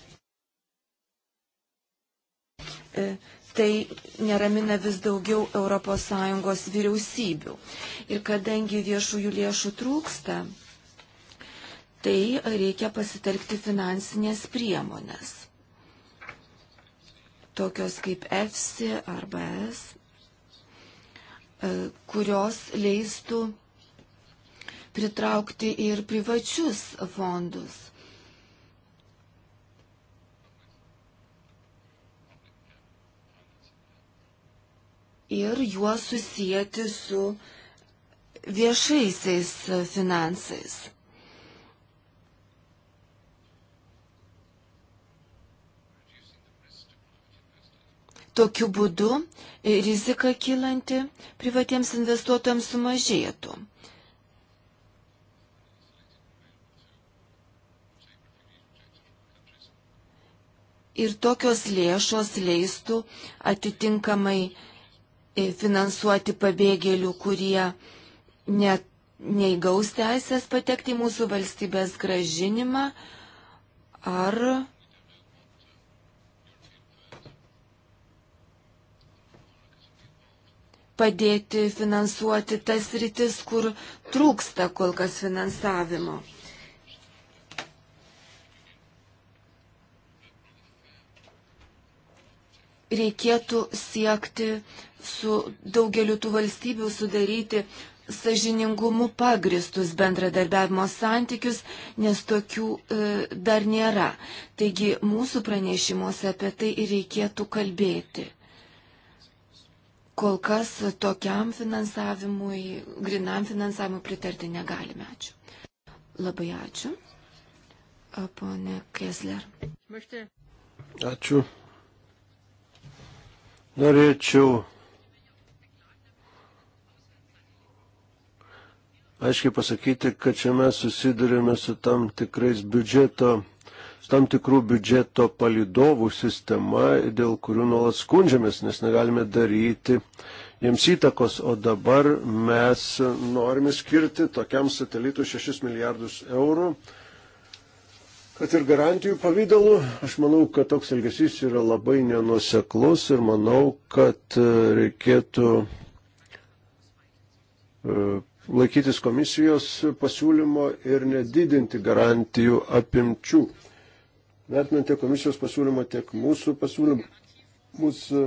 E, tai neramina vis daugiau ES vyriausybių. Ir kadangi viešųjų lėšų trūksta, tai reikia pasitelkti finansinės priemonės. Tokios kaip EFSI arba ES, e, kurios leistų pritraukti ir privačius fondus ir juos susijęti su viešaisiais finansais. Tokiu būdu rizika kylanti privatiems investuotojams sumažėtų. Ir tokios lėšos leistų atitinkamai E, finansuoti pabėgėlių, kurie net neįgaus teisės patekti į mūsų valstybės gražinimą ar padėti finansuoti tas rytis, kur trūksta kol kas finansavimo. Reikėtų siekti su daugeliu tų valstybių sudaryti sažiningumu pagristus bendradarbiavimo santykius, nes tokių e, dar nėra. Taigi mūsų pranešimuose apie tai ir reikėtų kalbėti. Kol kas tokiam finansavimui, grinam finansavimui pritarti negalime. Ačiū. Labai ačiū. Pone Kessler. Ačiū. Norėčiau aiškiai pasakyti, kad čia mes susidurėme su tam tikrais biudžeto, tam tikrų biudžeto palidovų sistema, dėl kurių nuolat skundžiamės, nes negalime daryti jiems įtakos, o dabar mes norime skirti tokiam satelitui 6 milijardus eurų. Kad ir garantijų pavydalu, aš manau, kad toks elgesys yra labai nenuseklus ir manau, kad reikėtų e, laikytis komisijos pasiūlymo ir nedidinti garantijų apimčių. Vertinant tiek komisijos pasiūlymą, tiek mūsų pasiūlymą, mūsų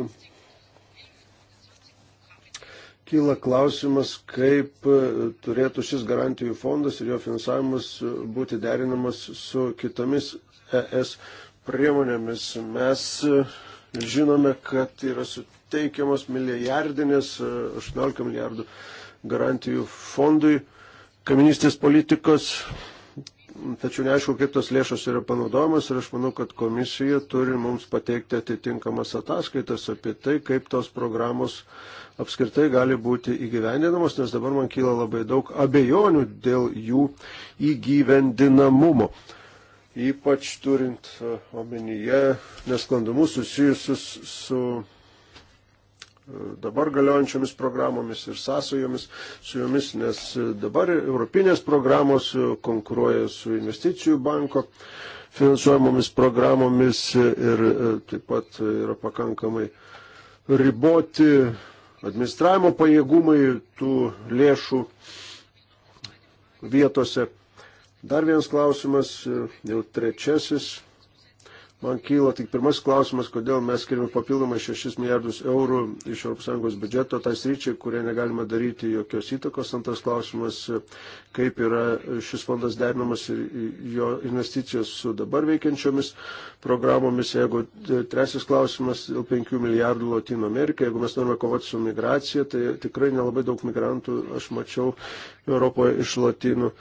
kyla klausimas, kaip e, turėtų šis garantijų fondas ir jo finansavimas e, būti derinamas su kitomis ES priemonėmis. Mes e, žinome, kad yra suteikiamas milijardinės 18 milijardų garantijų fondui, kaiminystės politikos, tačiau neaišku, kaip tos lėšos yra panaudojamas ir aš manau, kad komisija turi mums pateikti atitinkamas ataskaitas apie tai, kaip tos programos apskritai gali būti įgyvendinamos, nes dabar man kyla labai daug abejonių dėl jų įgyvendinamumo ypač turint e, omenyje nesklandumus susijusius su dabar galiojančiomis programomis ir sąsojomis su jomis, nes dabar europinės programos konkuruoja su investicijų banko finansuojamomis programomis ir e, taip pat yra pakankamai riboti administravimo pajėgumai tų lėšų vietose. Dar vienas klausimas, e, jau trečiasis Man kyla tik pirmas klausimas, kodėl mes skiriame papildomai 6 milijardus eurų iš ES biudžeto tai sryčiai, kurie negalima daryti jokios įtakos. Antras klausimas, kaip yra šis fondas derinamas ir jo investicijos su dabar veikiančiomis programomis. Jeigu trečias klausimas dėl 5 milijardų Latino Amerikai, jeigu mes norime kovoti su migracija, tai tikrai nelabai daug migrantų aš mačiau Europoje iš Latino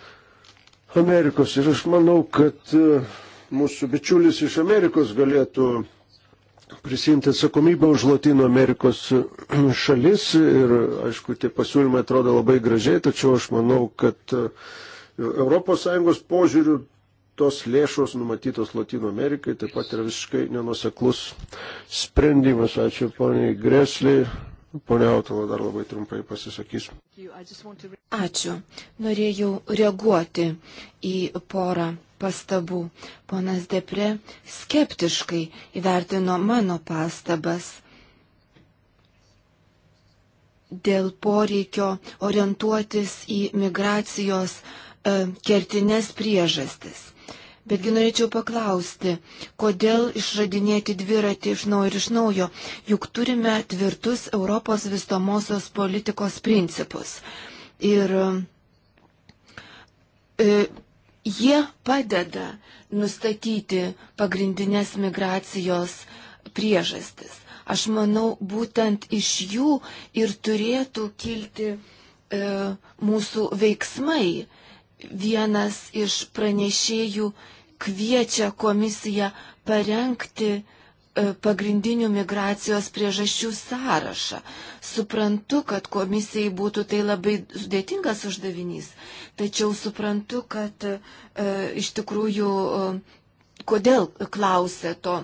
Amerikos. Ir aš manau, kad. Uh, mūsų bičiulis iš Amerikos galėtų prisimti atsakomybę už Latino Amerikos šalis ir, aišku, tie pasiūlymai atrodo labai gražiai, tačiau aš manau, kad ES požiūrių tos lėšos numatytos Latino Amerikai taip pat yra visiškai nenuseklus sprendimas. Ačiū poniai Greslį. Pone Autola dar labai trumpai pasisakys. Ačiū. Norėjau reaguoti į porą pastabų. Ponas Depre skeptiškai įvertino mano pastabas dėl poreikio orientuotis į migracijos e, kertinės priežastis. Betgi norėčiau paklausti, kodėl išradinėti dviratį iš naujo ir iš naujo, juk turime tvirtus Europos vystomosios politikos principus. Ir e, Jie padeda nustatyti pagrindinės migracijos priežastis. Aš manau, būtent iš jų ir turėtų kilti e, mūsų veiksmai. Vienas iš pranešėjų kviečia komisiją parengti E, pagrindinių migracijos priežasčių sąrašą. Suprantu, kad komisijai būtų tai labai sudėtingas uždavinys, tačiau suprantu, kad e, iš tikrųjų, e, kodėl klausia to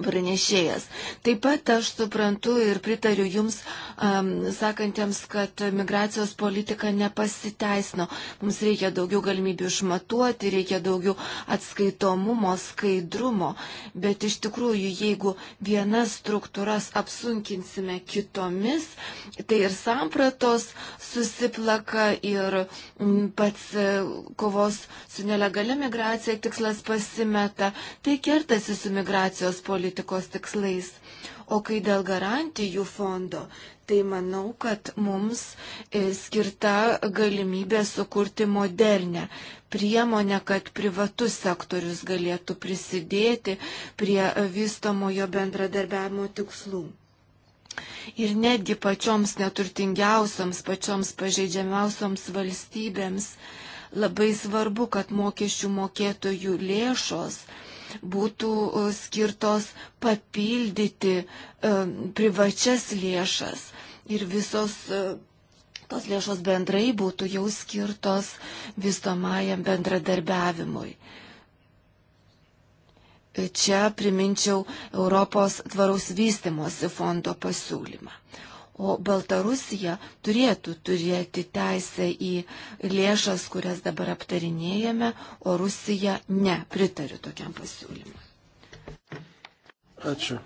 pranešėjas. Taip pat aš suprantu ir pritariu Jums, um, sakantiems, kad migracijos politika nepasiteisino. Mums reikia daugiau galimybių išmatuoti, reikia daugiau atskaitomumo, skaidrumo. Bet iš tikrųjų, jeigu vienas struktūras apsunkinsime kitomis, tai ir sampratos susiplaka ir m, pats e, kovos su nelegalia migracija tikslas pasimeta. Tai kertasi su migracijos politika politikos tikslais. O kai dėl garantijų fondo, tai manau, kad mums e, skirta galimybė sukurti modernę priemonę, kad privatus sektorius galėtų prisidėti prie e, vystomojo bendradarbiavimo tikslų. Ir netgi pačioms neturtingiausioms, pačioms pažeidžiamiausioms valstybėms labai svarbu, kad mokesčių mokėtojų lėšos būtų e, skirtos papildyti e, privačias lėšas ir visos e, tos lėšos bendrai būtų jau skirtos visomajam bendradarbiavimui. Čia priminčiau Europos tvaraus vystimosi fondo pasiūlymą o Baltarusija turėtų turėti teisę į lėšas, kurias dabar aptarinėjame, o Rusija ne. Pritariu tokiam pasiūlymui. Ačiū.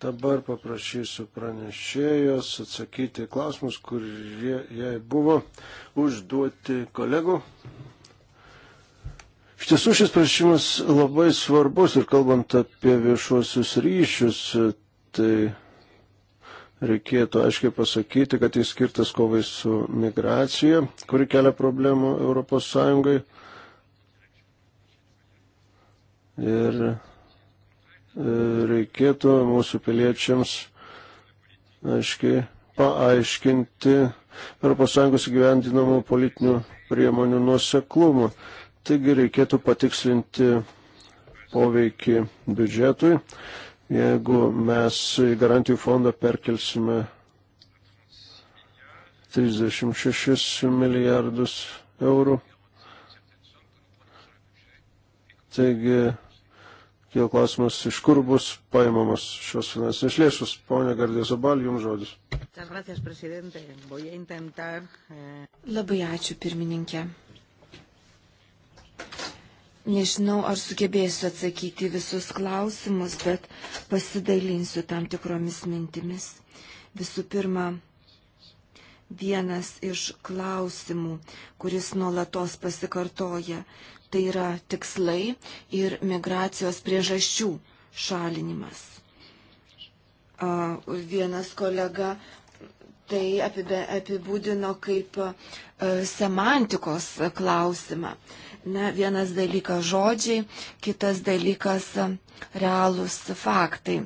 Dabar paprašysiu pranešėjos atsakyti klausimus, kurie jai buvo užduoti kolegų. Iš tiesų šis prašymas labai svarbus ir kalbant apie viešuosius ryšius, tai reikėtų aiškiai pasakyti, kad jis skirtas kovai su migracija, kuri kelia problemų Europos Sąjungai. Ir e, reikėtų mūsų piliečiams aiškiai paaiškinti Europos Sąjungos gyvendinamų politinių priemonių nuoseklumą. Taigi reikėtų patikslinti poveikį biudžetui jeigu mes į garantijų fondą perkelsime 36 milijardus eurų. Taigi, kėl klausimas, iš kur bus paimamos šios finansinės lėšus. Pone Gardės Abal, jums žodis. Eh, Labai ačiū, pirmininkė. Nežinau, ar sugebėsiu atsakyti visus klausimus, bet pasidalinsiu tam tikromis mintimis. Visų pirma, vienas iš klausimų, kuris nuolatos pasikartoja, tai yra tikslai ir migracijos priežasčių šalinimas. Vienas kolega tai apibūdino kaip semantikos klausimą. Na, vienas dalykas žodžiai, kitas dalykas realūs faktai.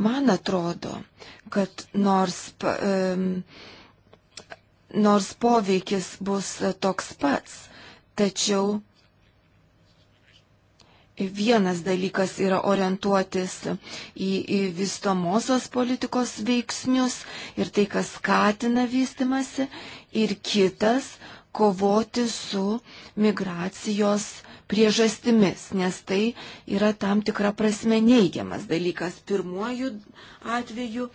Man atrodo, kad nors, um, nors poveikis bus toks pats, tačiau vienas dalykas yra orientuotis į, į vystomosios politikos veiksnius ir tai, kas skatina vystimasi, ir kitas kovoti su migracijos priežastimis, nes tai yra tam tikra prasme neigiamas dalykas. Pirmuoju atveju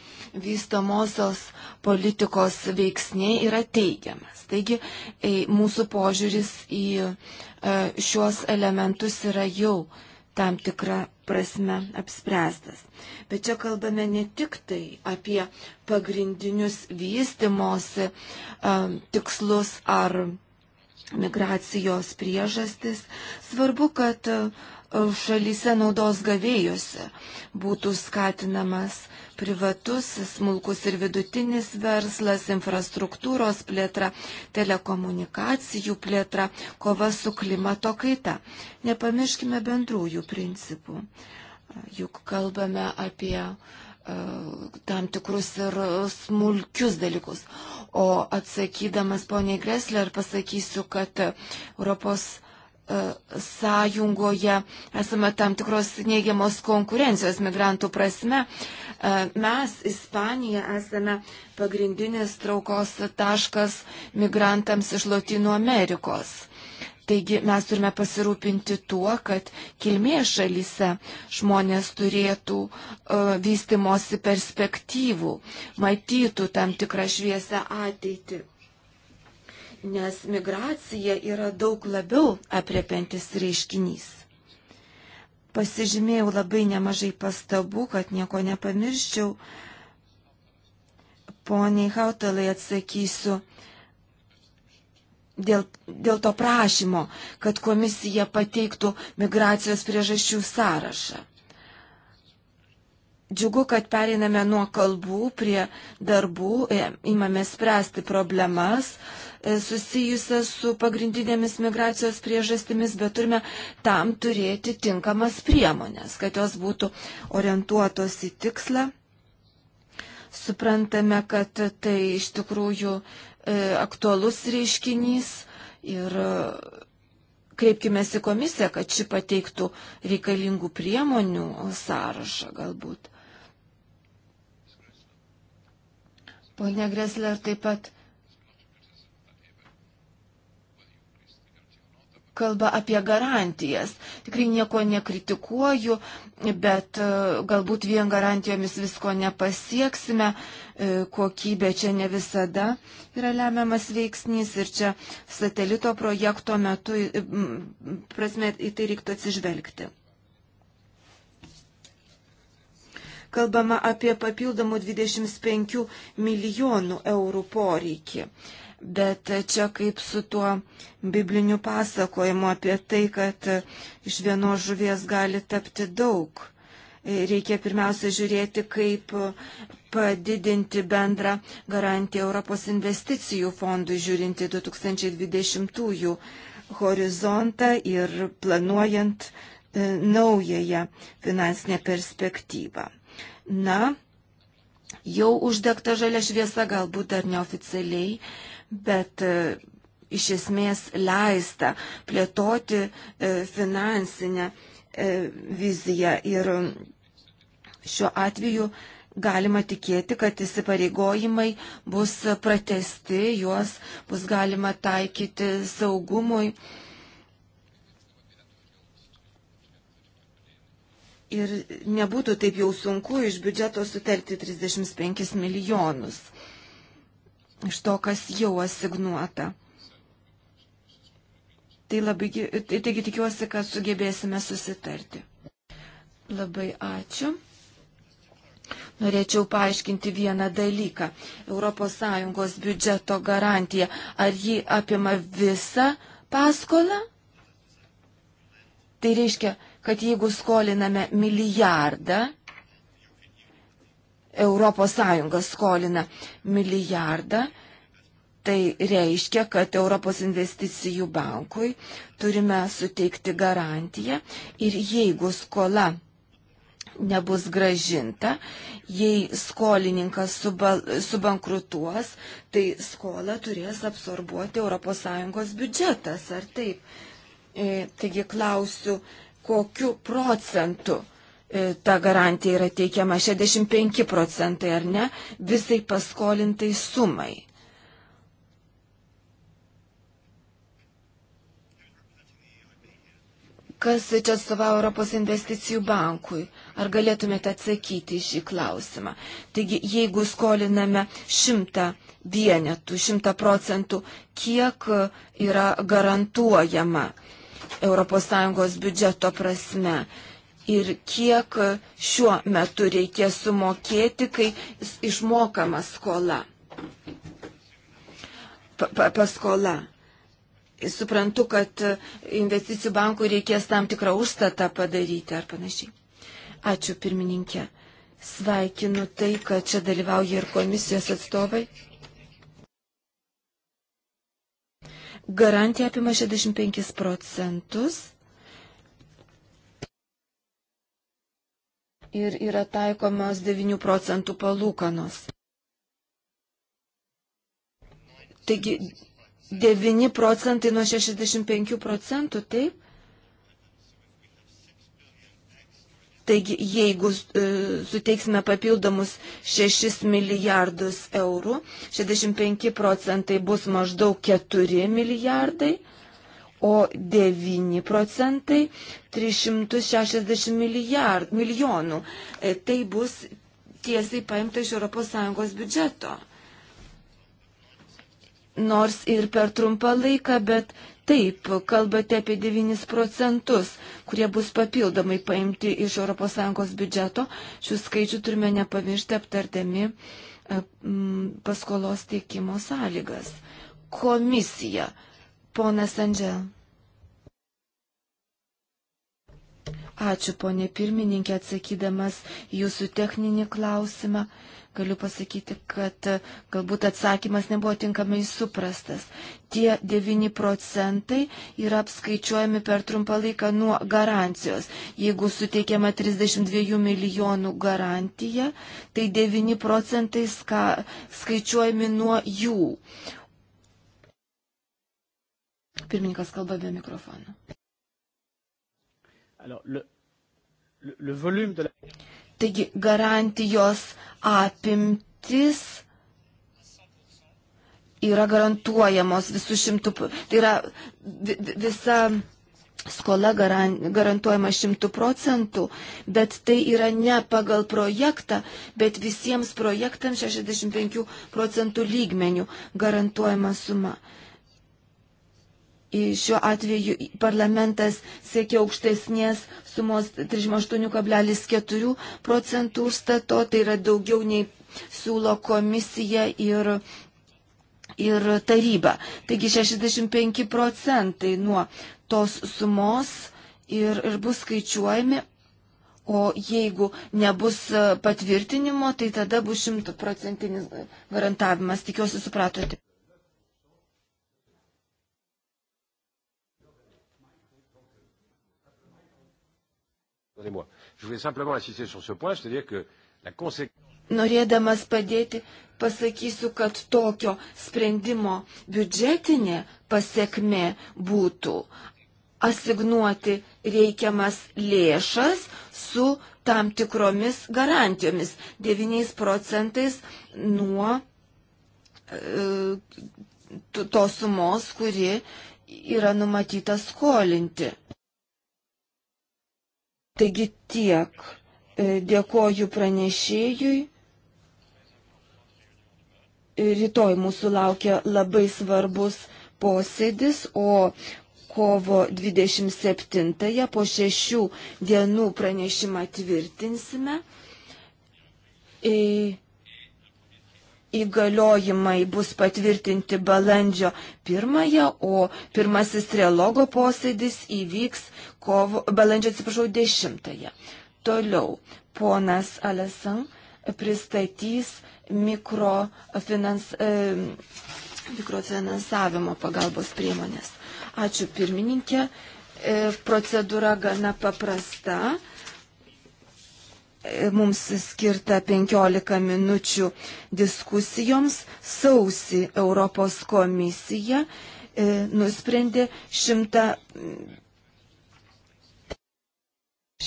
vystomosios politikos veiksniai yra teigiamas. Taigi e, mūsų požiūris į e, šiuos elementus yra jau tam tikrą prasme apspręstas. Bet čia kalbame ne tik tai apie pagrindinius vystimosi um, tikslus ar migracijos priežastis. Svarbu, kad uh, šalyse naudos gavėjose būtų skatinamas privatus, smulkus ir vidutinis verslas, infrastruktūros plėtra, telekomunikacijų plėtra, kova su klimato kaita. Nepamirškime bendrųjų principų. Juk kalbame apie e, tam tikrus ir smulkius dalykus. O atsakydamas poniai Gresler pasakysiu, kad Europos sąjungoje esame tam tikros neigiamos konkurencijos migrantų prasme. E, mes, Ispanija, esame pagrindinis traukos taškas migrantams iš Latino Amerikos. Taigi mes turime pasirūpinti tuo, kad kilmės šalyse žmonės turėtų uh, vystimosi perspektyvų, matytų tam tikrą šviesę ateitį nes migracija yra daug labiau apriepiantis reiškinys. Pasižymėjau labai nemažai pastabų, kad nieko nepamirščiau. Poniai Hautalai atsakysiu dėl, dėl to prašymo, kad komisija pateiktų migracijos priežasčių sąrašą. Džiugu, kad periname nuo kalbų prie darbų, e, imame spręsti problemas, E, susijusias su pagrindinėmis migracijos priežastimis, bet turime tam turėti tinkamas priemonės, kad jos būtų orientuotos į tikslą. Suprantame, kad tai iš tikrųjų e, aktualus reiškinys ir e, kreipkime į komisiją, kad ši pateiktų reikalingų priemonių sąrašą galbūt. Pone Gresler taip pat kalba apie garantijas. Tikrai nieko nekritikuoju, bet e, galbūt vien garantijomis visko nepasieksime, e, kokybė čia ne visada yra lemiamas veiksnys ir čia satelito projekto metu, e, prasme, į tai reiktų atsižvelgti. Kalbama apie papildomų 25 milijonų eurų poreikį. Uh, Bet čia kaip su tuo bibliniu pasakojimu apie tai, kad iš vienos žuvies gali tapti daug. Reikia pirmiausia žiūrėti, kaip padidinti bendrą garantiją Europos investicijų fondui žiūrinti 2020 horizontą ir planuojant e, naująją finansinę perspektyvą. Na, jau uždegta žalia šviesa, galbūt dar neoficialiai, bet e, iš esmės leista plėtoti e, finansinę e, viziją ir šiuo atveju galima tikėti, kad įsipareigojimai bus pratesti, juos bus galima taikyti saugumui. Ir nebūtų taip jau sunku iš biudžeto sutelkti 35 milijonus iš to, kas jau asignuota. Tai labai, tai, taigi tikiuosi, kad sugebėsime susitarti. Labai ačiū. Norėčiau paaiškinti vieną dalyką. ES biudžeto garantija, ar ji apima visą paskolą? Tai reiškia, kad jeigu skoliname milijardą, ES skolina milijardą, tai reiškia, kad Europos investicijų bankui turime suteikti garantiją ir jeigu skola nebus gražinta, jei skolininkas subankrutuos, tai skolą turės absorbuoti ES biudžetas, ar taip? E, taigi klausiu, kokiu procentu E, ta garantija yra teikiama 65 procentai ar ne visai paskolintai sumai. Kas čia atstovauja Europos investicijų bankui? Ar galėtumėte atsakyti į šį klausimą? Taigi, jeigu skoliname 100 vienetų, 100 procentų, kiek yra garantuojama ES biudžeto prasme? ir kiek šiuo metu reikės sumokėti, kai išmokama skola. Pa, pa, paskola. Suprantu, kad investicijų bankų reikės tam tikrą užstatą padaryti ar panašiai. Ačiū pirmininkė. Sveikinu tai, kad čia dalyvauja ir komisijos atstovai. Garantija apima 65 procentus ir yra taikomos 9 procentų palūkanos. Taigi 9 procentai nuo 65 procentų, taip? Taigi, jeigu e, suteiksime papildomus 6 milijardus eurų, 65 procentai bus maždaug 4 milijardai. E, o 9 procentai 360 milijard, milijonų. E, tai bus tiesiai paimta iš ES biudžeto. Nors ir per trumpą laiką, bet taip, kalbate apie 9 procentus, kurie bus papildomai paimti iš ES biudžeto. Šių skaičių turime nepamiršti aptardami e, paskolos teikimo sąlygas. Komisija Ponas Andžel. Ačiū, ponė pirmininkė, atsakydamas jūsų techninį klausimą. Galiu pasakyti, kad e, galbūt atsakymas nebuvo tinkamai suprastas. Tie 9 procentai yra apskaičiuojami per trumpą laiką nuo garancijos. Jeigu suteikiama 32 milijonų garantija, tai 9 procentai ska, skaičiuojami nuo jų. Pirmininkas kalba be mikrofono. Alors, le, le, le volume de la... Taigi garantijos apimtis yra garantuojamos visų šimtų, tai yra visa skola garantuojama šimtų procentų, bet tai yra ne pagal projektą, bet visiems projektams 65 procentų lygmenių garantuojama suma šiuo atveju parlamentas siekia aukštesnės sumos 38,4 procentų užstato, tai yra daugiau nei siūlo komisija ir ir taryba. Taigi 65 procentai nuo tos sumos ir, ir bus skaičiuojami, o jeigu nebus patvirtinimo, tai tada bus 100 procentinis garantavimas. Tikiuosi supratote. Pardonnez-moi. Je voulais simplement insister sur ce point, c'est-à-dire que la conséquence. Norėdamas padėti, pasakysiu, kad tokio sprendimo biudžetinė pasiekme būtų asignuoti reikiamas lėšas su tam tikromis garantijomis 9 procentais nuo e, tos sumos, kuri yra numatyta skolinti. Taigi tiek. E, dėkoju pranešėjui. E, rytoj mūsų laukia labai svarbus posėdis, o kovo 27-ąją po šešių dienų pranešimą tvirtinsime. E, įgaliojimai bus patvirtinti balandžio pirmąją, o pirmasis trialogo posėdis įvyks kovo, balandžio, atsiprašau, dešimtąją. Toliau ponas Alesan pristatys mikrofinans, e, mikrofinansavimo pagalbos priemonės. Ačiū pirmininkė. E, procedūra gana paprasta. E, mums skirta 15 minučių diskusijoms. Sausi Europos komisija e, nusprendė 100,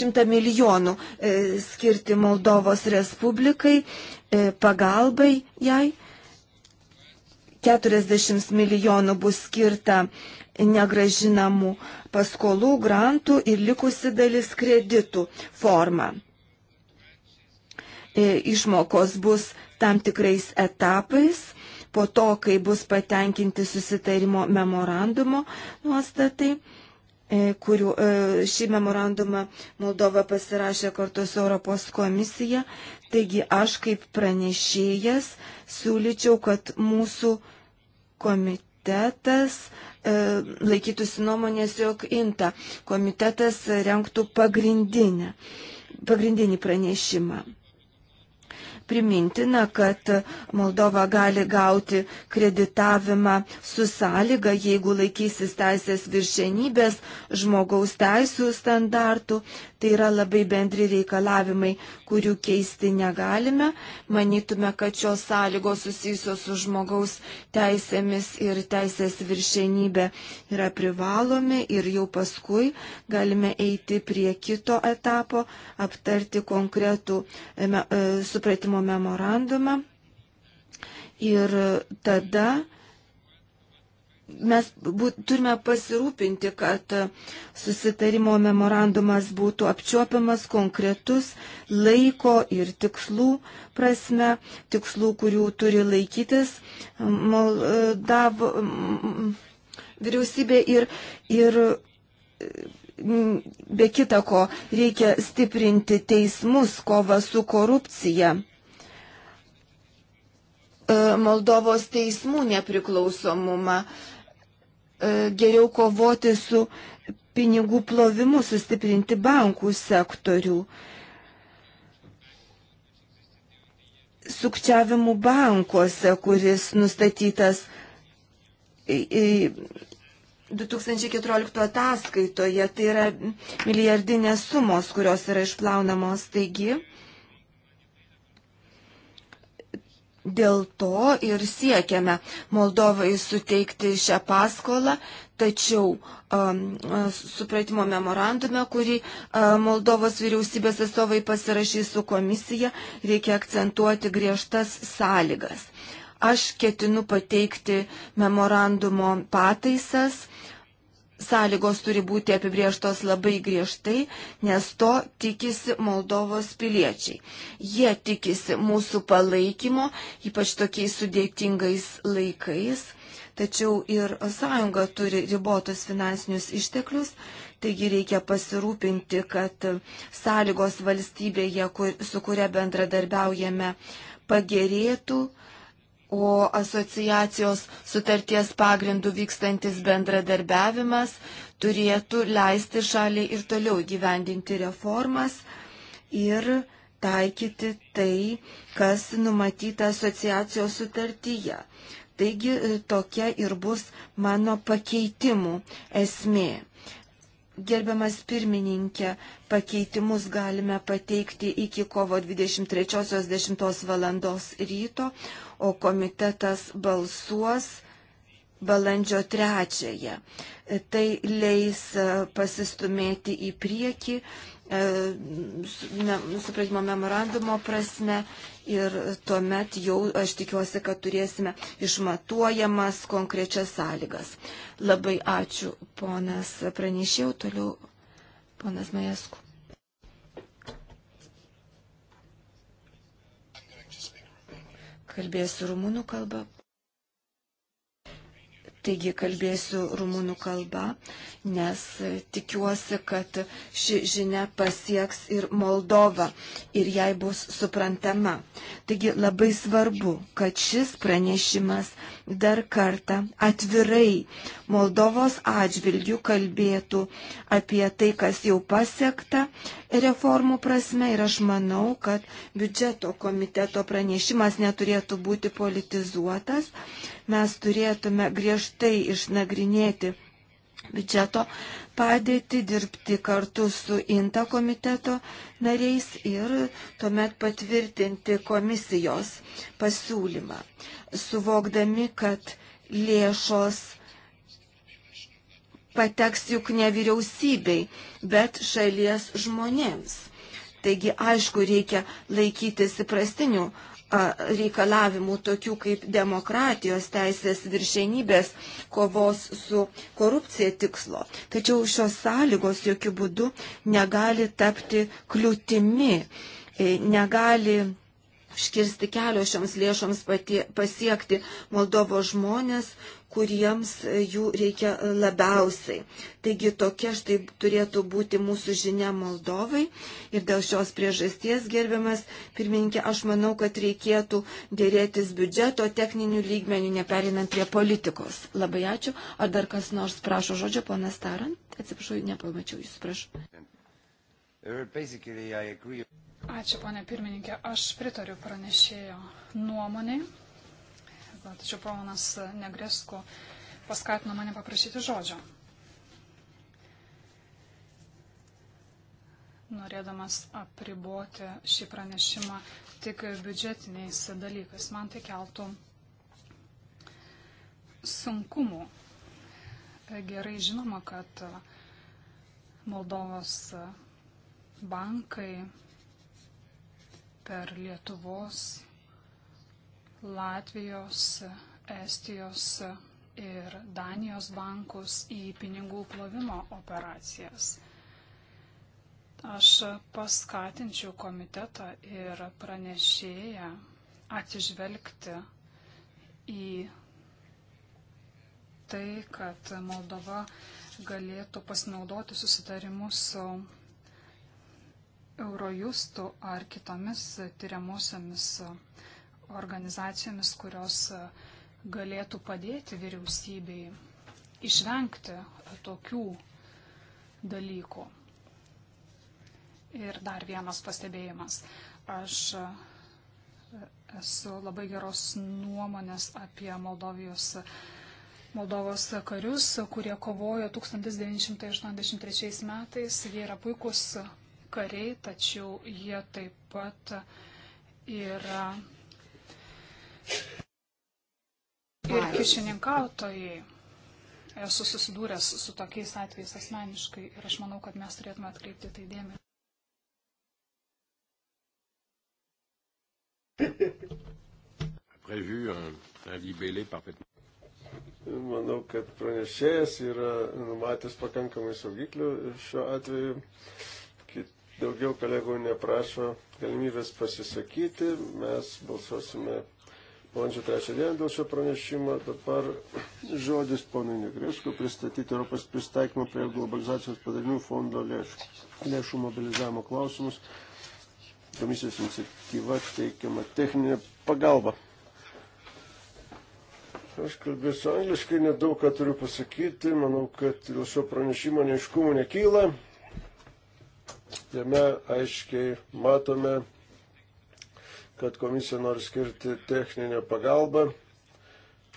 100 milijonų e, skirti Moldovos Respublikai e, pagalbai jai. 40 milijonų bus skirta negražinamų paskolų, grantų ir likusi dalis kreditų forma. E, išmokos bus tam tikrais etapais po to, kai bus patenkinti susitarimo memorandumo nuostatai, e, kurių e, šį memorandumą Moldova pasirašė kartu su Europos komisija. Taigi aš kaip pranešėjas siūlyčiau, kad mūsų komitetas laikytųsi nuomonės, jog INTA komitetas renktų pagrindinį pranešimą primintina, kad Moldova gali gauti kreditavimą su sąlyga, jeigu laikysis teisės viršenybės, žmogaus teisų standartų, Tai yra labai bendri reikalavimai, kurių keisti negalime. Manytume, kad šios sąlygos susijusios su žmogaus teisėmis ir teisės viršenybė yra privalomi ir jau paskui galime eiti prie kito etapo, aptarti konkretų e, e, supratimo memorandumą. Ir tada mes būt, turime pasirūpinti, kad susitarimo memorandumas būtų apčiopiamas konkretus laiko ir tikslų prasme, tikslų, kurių turi laikytis Moldav vyriausybė ir, ir be kitako reikia stiprinti teismus, kovą su korupcija. Moldovos teismų nepriklausomumą. Uh, E, geriau kovoti su pinigų plovimu, sustiprinti bankų sektorių, sukčiavimų bankuose, kuris nustatytas 2014 ataskaitoje, tai yra milijardinės sumos, kurios yra išplaunamos. Taigi, Dėl to ir siekiame Moldovai suteikti šią paskolą, tačiau um, supratimo memorandume, kurį um, Moldovos vyriausybės atstovai pasirašys su komisija, reikia akcentuoti griežtas sąlygas. Aš ketinu pateikti memorandumo pataisas sąlygos turi būti apibrieštos labai griežtai, nes to tikisi Moldovos piliečiai. Jie tikisi mūsų palaikymo, ypač tokiais sudėtingais laikais, tačiau ir sąjunga turi ribotus finansinius išteklius, taigi reikia pasirūpinti, kad sąlygos valstybėje, kur, su kuria bendradarbiaujame, pagerėtų o asociacijos sutarties pagrindų vykstantis bendradarbiavimas turėtų leisti šaliai ir toliau gyvendinti reformas ir taikyti tai, kas numatyta asociacijos sutartyje. Taigi e, tokia ir bus mano pakeitimų esmė. Gerbiamas pirmininkė, pakeitimus galime pateikti iki kovo 23.10 valandos ryto, o komitetas balsuos balandžio trečiąją. Tai leis e, pasistumėti į priekį e, supratimo memorandumo prasme ir tuomet jau aš tikiuosi, kad turėsime išmatuojamas konkrečias sąlygas. Labai ačiū, ponas pranešėjau, toliau ponas Majesku. Kalbėsiu rumunų kalbą, taigi kalbėsiu rumunų kalba nes tikiuosi, kad ši žinia pasieks ir Moldovą ir jai bus suprantama. Taigi labai svarbu, kad šis pranešimas dar kartą atvirai Moldovos atžvilgių kalbėtų apie tai, kas jau pasiekta reformų prasme ir aš manau, kad biudžeto komiteto pranešimas neturėtų būti politizuotas. Mes turėtume griežtai išnagrinėti biudžeto padėtį, dirbti kartu su INTA komiteto nariais ir tuomet patvirtinti komisijos pasiūlymą, suvokdami, kad lėšos pateks juk ne vyriausybei, bet šalies žmonėms. Taigi, aišku, reikia laikytis įprastinių reikalavimų tokių kaip demokratijos teisės viršenybės kovos su korupcija tikslo. Tačiau šios sąlygos jokių būdų negali tapti kliūtimi, e, negali užkirsti kelio šioms lėšoms patie, pasiekti Moldovo žmonės, kuriems e, jų reikia e, labiausiai. Taigi tokia štai turėtų būti mūsų žinia Moldovai ir dėl šios priežasties, gerbiamas pirmininkė, aš manau, kad reikėtų dėrėtis biudžeto techninių lygmenių, neperinant prie politikos. Labai ačiū. Ar dar kas nors prašo žodžio, ponas Tarant? Atsiprašau, nepamačiau jūsų, prašau. Ačiū, ponė pirmininkė. Aš pritariu pranešėjo nuomonėje Tačiau ponas Negresko paskatino mane paprašyti žodžio. Norėdamas apriboti šį pranešimą tik biudžetiniais dalykais, man tai keltų sunkumų. Gerai žinoma, kad Moldovos bankai per Lietuvos Latvijos, Estijos ir Danijos bankus į pinigų plovimo operacijas. Aš paskatinčiau komitetą ir pranešėją atsižvelgti į tai, kad Moldova galėtų pasinaudoti susitarimu su Eurojustu ar kitomis tyriamosiomis organizacijomis, kurios e, galėtų padėti vyriausybei išvengti tokių dalykų. Ir dar vienas pastebėjimas. Aš e, esu labai geros nuomonės apie Moldovijos. Moldovos karius, kurie kovojo 1983 metais. Jie yra puikus kariai, tačiau jie taip pat yra ir kišininkautojai. Esu susidūręs su tokiais atvejais asmeniškai ir aš manau, kad mes turėtume atkreipti tai dėmesį. Euh, manau, kad pranešėjas yra numatęs pakankamai saugiklių šiuo atveju. Daugiau kolegų neprašo galimybės pasisakyti. Mes balsuosime balandžio 3 dieną dėl šio pranešimo. Dabar žodis ponai Negriško pristatyti Europos pristaikymo prie globalizacijos padarinių fondo lėšų, lėšų mobilizavimo klausimus. Komisijos iniciatyva teikiama techninė pagalba. Aš kalbėsiu angliškai, nedaug ką turiu pasakyti. Manau, kad dėl šio pranešimo neiškumų nekyla. Jame aiškiai matome kad komisija nori skirti techninę pagalbą,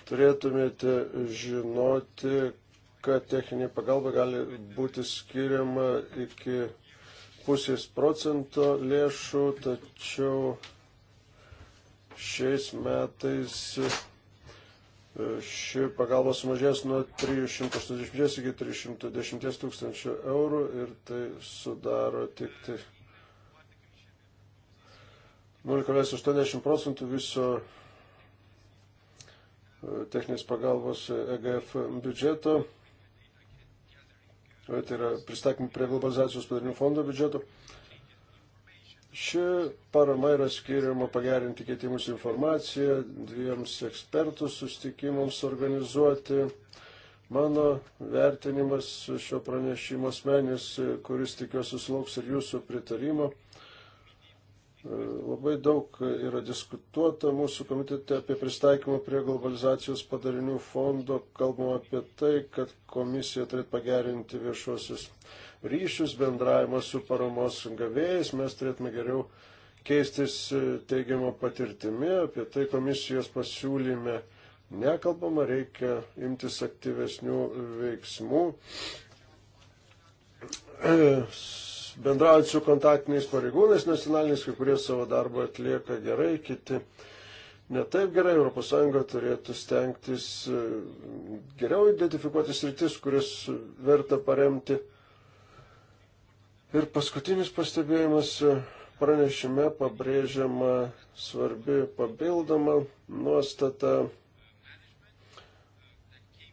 turėtumėte žinoti, kad techninė pagalba gali būti skiriama iki pusės procento lėšų, tačiau šiais metais e, ši pagalba sumažės nuo 380 iki 310 tūkstančių eurų ir tai sudaro tik tai 0,80 procentų viso e, techninės pagalbos EGF e biudžeto, e, tai yra pristatymų prie globalizacijos padarinių fondo biudžeto. Ši parama yra skiriama pagerinti keitimus informaciją, dviems ekspertų sustikimams organizuoti. Mano vertinimas šio pranešimo asmenis, kuris tikiuosi sulauks ir jūsų pritarimo, Labai daug yra diskutuota mūsų komitete apie pristaikymą prie globalizacijos padarinių fondo. Kalbama apie tai, kad komisija turėtų pagerinti viešuosius ryšius, bendravimą su paramos gavėjais. Mes turėtume geriau keistis e, teigiamą patirtimį. Apie tai komisijos pasiūlyme nekalbama, reikia imtis aktyvesnių veiksmų e, bendraujant su kontaktiniais pareigūnais nacionaliniais, kai kurie savo darbą atlieka gerai, kiti netaip gerai. ES turėtų stengtis e, geriau identifikuoti sritis, kuris verta paremti. Ir paskutinis pastebėjimas e, pranešime pabrėžiama svarbi papildoma nuostata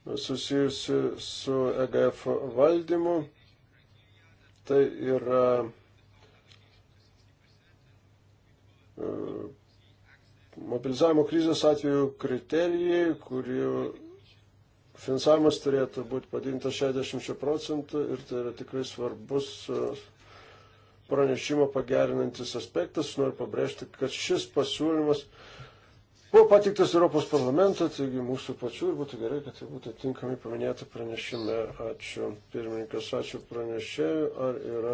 e, susijusi su EGF valdymu Tai yra e, mobilizavimo krizės atveju kriterijai, kurių finansavimas turėtų būti padintas 60 procentų ir tai yra tikrai svarbus e, pranešimo pagerinantis aspektas. Noriu pabrėžti, kad šis pasiūlymas buvo patiktas Europos parlamento, taigi mūsų pačių ir būtų gerai, kad tai būtų tinkamai paminėta pranešime. Ačiū pirmininkas, ačiū pranešėjui. Ar yra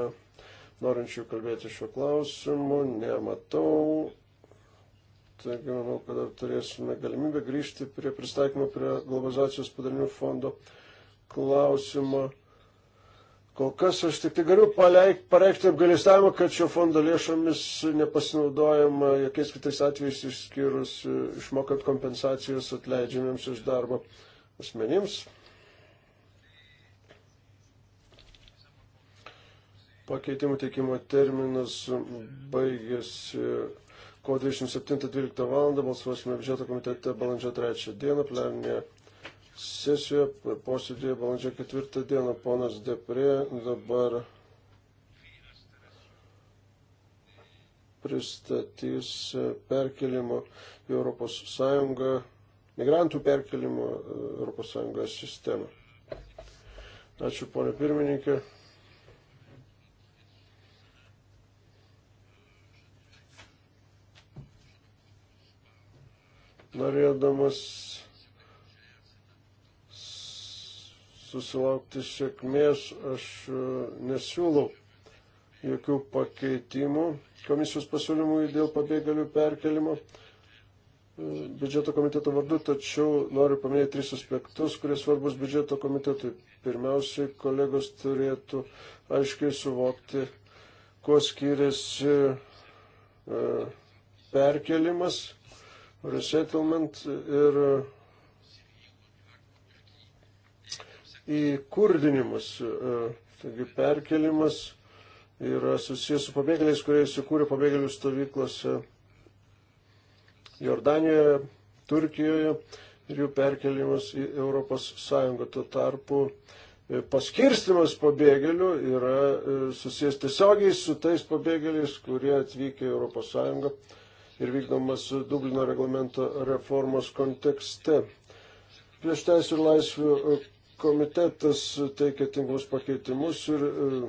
norinčių kalbėti šiuo klausimu? Nematau. Taigi manau, kad dar turėsime galimybę grįžti prie pristaikymo prie globalizacijos padarinių fondo klausimo. Kol kas aš tik tai galiu paleik, pareikšti apgalėstavimą, kad šio fondo lėšomis nepasinaudojama jokiais kitais atvejais išskyrus e, išmokant kompensacijos atleidžiamiems iš darbo asmenims. Pakeitimų teikimo terminas baigėsi kovo 27.12 val. balsuosime biudžeto komitete balandžio 3 dieną plenarinėje sesijoje, posėdėje balandžio ketvirtą dieną, ponas Deprė dabar pristatys perkelimo į Europos Sąjungą, migrantų perkelimo Europos Sąjungos sistemą. Ačiū, ponė pirmininkė. Norėdamas susilaukti sėkmės, aš e, nesiūlau jokių pakeitimų komisijos pasiūlymui dėl pabėgalių perkelimo e, biudžeto komiteto vardu, tačiau noriu paminėti tris aspektus, kurie svarbus biudžeto komitetui. Pirmiausiai, kolegos turėtų aiškiai suvokti, kuo skiriasi e, perkelimas, resettlement ir įkurdinimas, e, taigi perkelimas yra susijęs su pabėgėliais, kurie įsikūrė pabėgėlių stovyklose Jordanijoje, Turkijoje ir jų perkelimas į Europos Sąjungą. Tuo tarpu e, paskirstimas pabėgėlių yra e, susijęs tiesiogiai su tais pabėgėliais, kurie atvykę į Europos Sąjungą ir vykdomas Dublino reglamento reformos kontekste. Prieš teisų ir laisvių Komitetas teikia tinkamus pakeitimus ir e,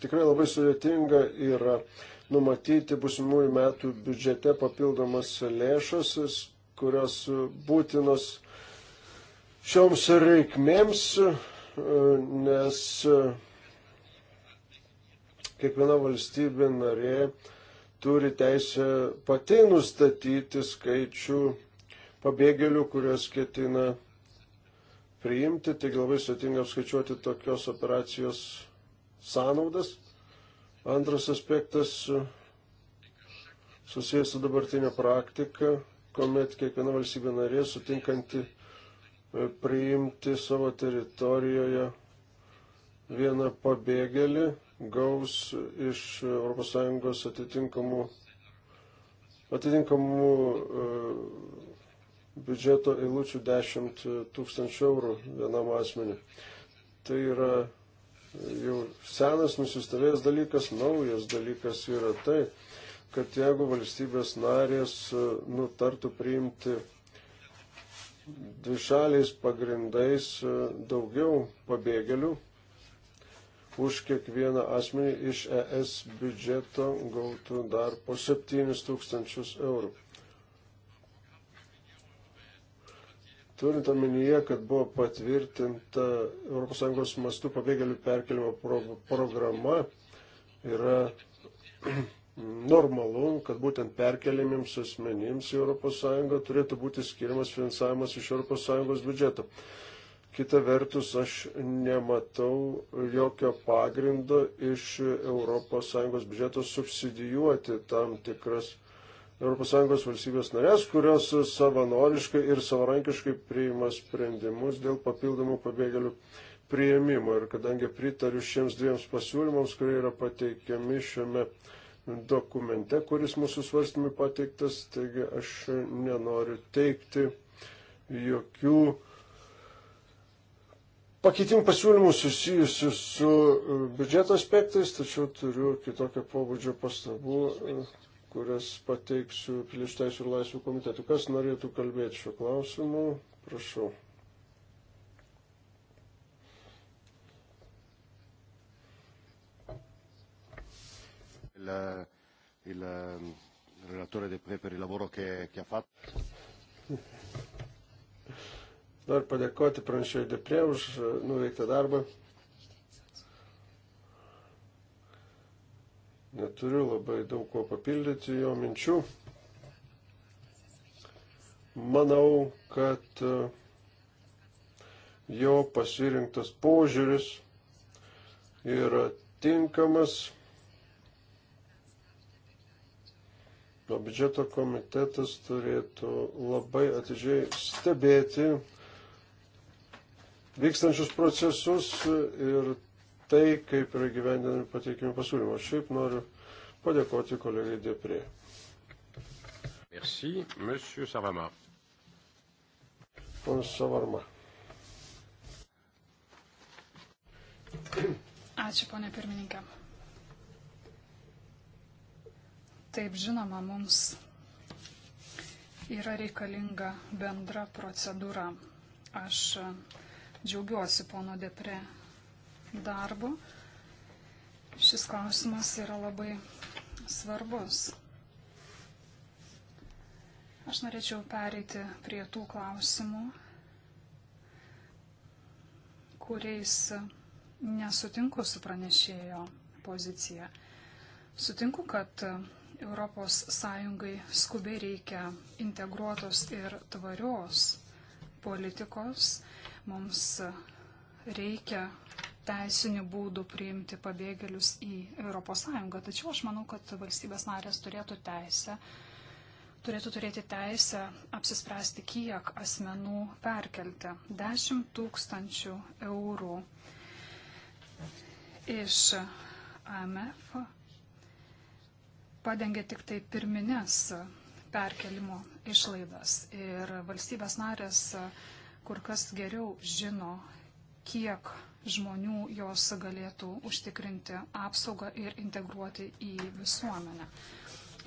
tikrai labai sudėtinga yra numatyti busimųjų metų biudžete papildomas lėšas, kurios būtinos šioms reikmėms, e, nes e, kiekviena valstybė narė turi teisę pati nustatyti skaičių pabėgėlių, kurias ketina priimti, taigi labai sudėtinga apskaičiuoti tokios operacijos sąnaudas. Antras aspektas susijęs su dabartinė praktika, kuomet kiekviena valstybė narė sutinkanti e, priimti savo teritorijoje vieną pabėgėlį gaus iš ES atitinkamų, atitinkamų e, biudžeto eilučių 10 tūkstančių eurų vienam asmeniu. Tai yra jau senas nusistovėjęs dalykas, naujas dalykas yra tai, kad jeigu valstybės narės e, nutartų priimti dvišaliais pagrindais e, daugiau pabėgėlių, už kiekvieną asmenį iš ES biudžeto gautų dar po 7 tūkstančius eurų. Turint omenyje, kad buvo patvirtinta ES mastų pabėgėlių perkelimo pro programa, yra normalu, kad būtent perkelimiems asmenims į ES turėtų būti skiriamas finansavimas iš ES biudžeto. Kita vertus, aš nematau jokio pagrindo iš ES biudžeto subsidijuoti tam tikras ES valstybės narės, kurios savanoriškai ir savarankiškai priima sprendimus dėl papildomų pabėgėlių prieimimo. Ir kadangi pritariu šiems dviems pasiūlymams, kurie yra pateikiami šiame dokumente, kuris mūsų svarstymui pateiktas, taigi aš nenoriu teikti jokių pakeitimų pasiūlymų susijusių su biudžeto aspektais, tačiau turiu kitokio pobūdžio pastabų kurias pateiksiu Piliečių teisų ir laisvių komitetu. Kas norėtų kalbėti šiuo klausimu? Prašau. Il, il um, relatore De Pre per il lavoro che, che ha fatto. Noriu padėkoti pranešėjui Deprie už nuveiktą darbą. neturiu labai daug ko papildyti jo minčių. Manau, kad e, jo pasirinktas požiūris yra tinkamas. O biudžeto komitetas turėtų labai atidžiai stebėti vykstančius procesus ir tai, kaip yra gyvendinami pateikimi pasiūlymai. Šiaip noriu padėkoti kolegai Deprė. Merci, monsieur Savama. Ponas Savarma. Ačiū, ponė pirmininkė. Taip žinoma, mums yra reikalinga bendra procedūra. Aš džiaugiuosi pono Depre darbu. Šis klausimas yra labai svarbus. Aš norėčiau pereiti prie tų klausimų, kuriais nesutinku su pranešėjo pozicija. Sutinku, kad ES skubiai reikia integruotos ir tvarios politikos. Mums reikia teisinių būdų priimti pabėgėlius į ES. Tačiau aš manau, kad valstybės narės turėtų teisę turėtų turėti teisę apsispręsti, kiek asmenų perkelti. 10 tūkstančių eurų iš AMF padengia tik tai pirminės perkelimo išlaidas. Ir valstybės narės kur kas geriau žino, kiek žmonių, jos galėtų užtikrinti apsaugą ir integruoti į visuomenę,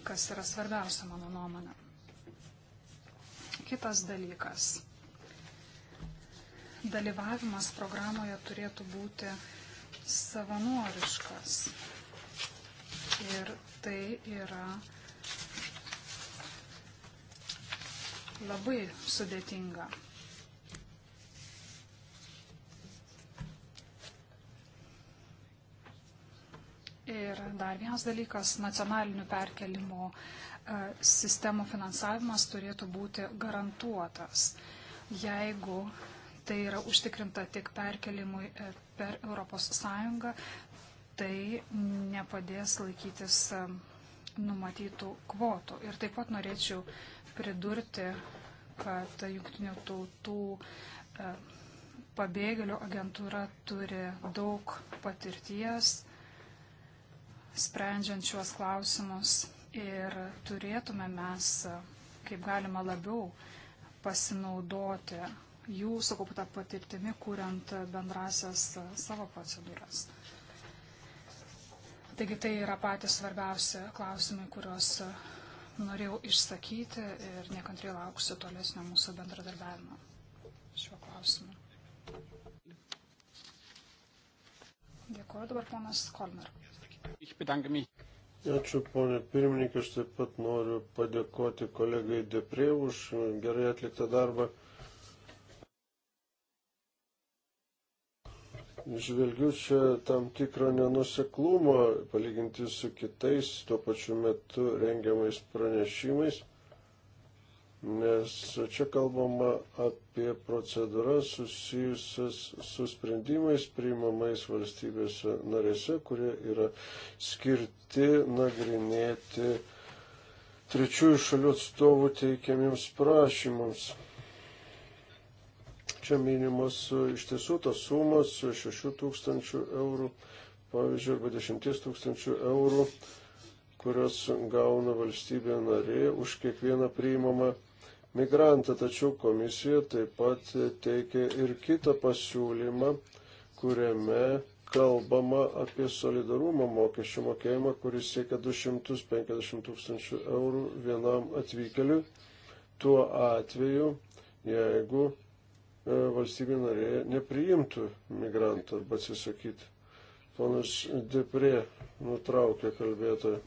kas yra svarbiausia mano nuomonė. Kitas dalykas. Dalyvavimas programoje turėtų būti savanoriškas. Ir tai yra labai sudėtinga. Ir dar vienas dalykas - nacionalinių perkelimo e, sistemų finansavimas turėtų būti garantuotas. Jeigu tai yra užtikrinta tik perkelimui e, per ES, tai nepadės laikytis e, numatytų kvotų. Ir taip pat norėčiau pridurti, kad jungtinių tautų pabėgėlių agentūra turi daug patirties sprendžiant šiuos klausimus ir turėtume mes kaip galima labiau pasinaudoti jų sukauptą patirtimi, kuriant bendrasias savo procedūras. Taigi tai yra patys svarbiausi klausimai, kuriuos norėjau išsakyti ir nekantriai lauksiu tolesnio mūsų bendradarbiavimo šiuo klausimu. Dėkuoju dabar ponas Kolmer. Ačiū, ponė pirmininkė, aš taip pat noriu padėkoti kolegai Deprie už gerai atliktą darbą. Žvelgiu čia tam tikrą nenuseklumą, palyginti su kitais tuo pačiu metu rengiamais pranešimais nes čia kalbama apie procedūras susijusias su sprendimais priimamais valstybėse narėse, kurie yra skirti nagrinėti trečiųjų šalių atstovų teikiamiems prašymams. Čia minimos iš tiesų tos sumos 6 tūkstančių eurų, pavyzdžiui, arba 10 tūkstančių eurų kurios gauna valstybė narė už kiekvieną priimamą migrantą, tačiau komisija taip pat teikia ir kitą pasiūlymą, kuriame kalbama apie solidarumo mokesčių mokėjimą, kuris siekia 250 tūkstančių eurų vienam atvykeliui. Tuo atveju, jeigu e, valstybė narė nepriimtų migrantų arba atsisakytų. Ponas Deprė nutraukė kalbėtoją.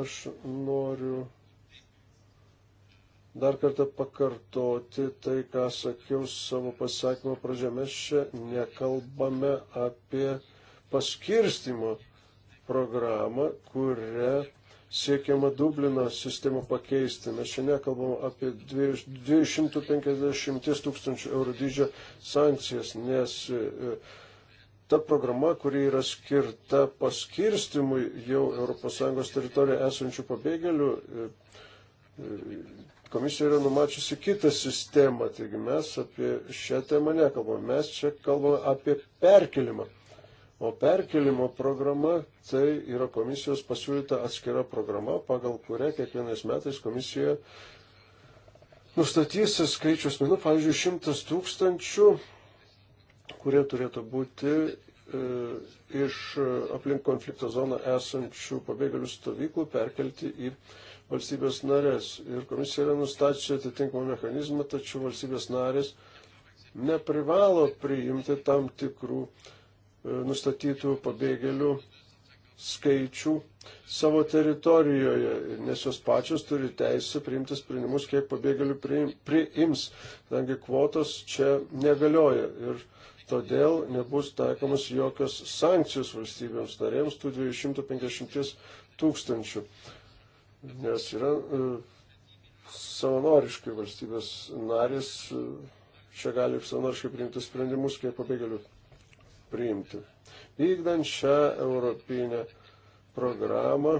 Aš noriu dar kartą pakartoti tai, ką sakiau savo pasakymo pradžioje. Mes čia nekalbame apie paskirstimo programą, kurią siekiama Dublino sistemą pakeisti. Mes čia nekalbam apie 250 tūkstančių eurų dydžio sankcijas, nes e, ta programa, kuri yra skirta paskirstimui jau ES teritorijoje esančių pabėgėlių, e, e, Komisija yra numačiusi kitą sistemą, taigi mes apie šią temą nekalbame, mes čia kalbame apie perkelimą. O perkelimo programa tai yra komisijos pasiūlyta atskira programa, pagal kurią kiekvienais metais komisija nustatys skaičius minų, nu, pavyzdžiui, šimtas tūkstančių, kurie turėtų būti e, iš aplink konflikto zoną esančių pabėgėlių stovyklų perkelti į valstybės narės. Ir komisija yra nustačiusi atitinkamą mechanizmą, tačiau valstybės narės neprivalo priimti tam tikrų e, nustatytų pabėgėlių skaičių savo teritorijoje, nes jos pačios turi teisę priimti sprendimus, kiek pabėgėlių priims, kadangi kvotos čia negalioja ir todėl nebus taikomas jokios sankcijos valstybėms narėms tų 250 tūkstančių nes yra e, savanoriškai valstybės narės, e, čia gali ir savanoriškai priimti sprendimus, kiek pabėgėlių priimti. Vykdant šią europinę programą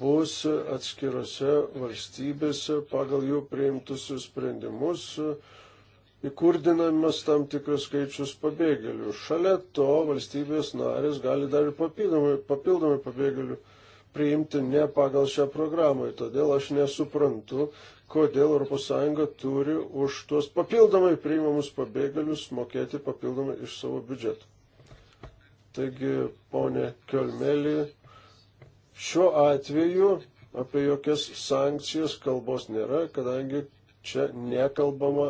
bus atskirose valstybėse pagal jų priimtus sprendimus įkurdinamas tam tikras skaičius pabėgėlių. Šalia to valstybės narės gali dar ir papildomai, papildomai pabėgėlių priimti ne pagal šią programą. Todėl aš nesuprantu, kodėl ES turi už tuos papildomai priimamus pabėgėlius mokėti papildomai iš savo biudžeto. Taigi, ponė Kelmelį, šiuo atveju apie jokias sankcijas kalbos nėra, kadangi čia nekalbama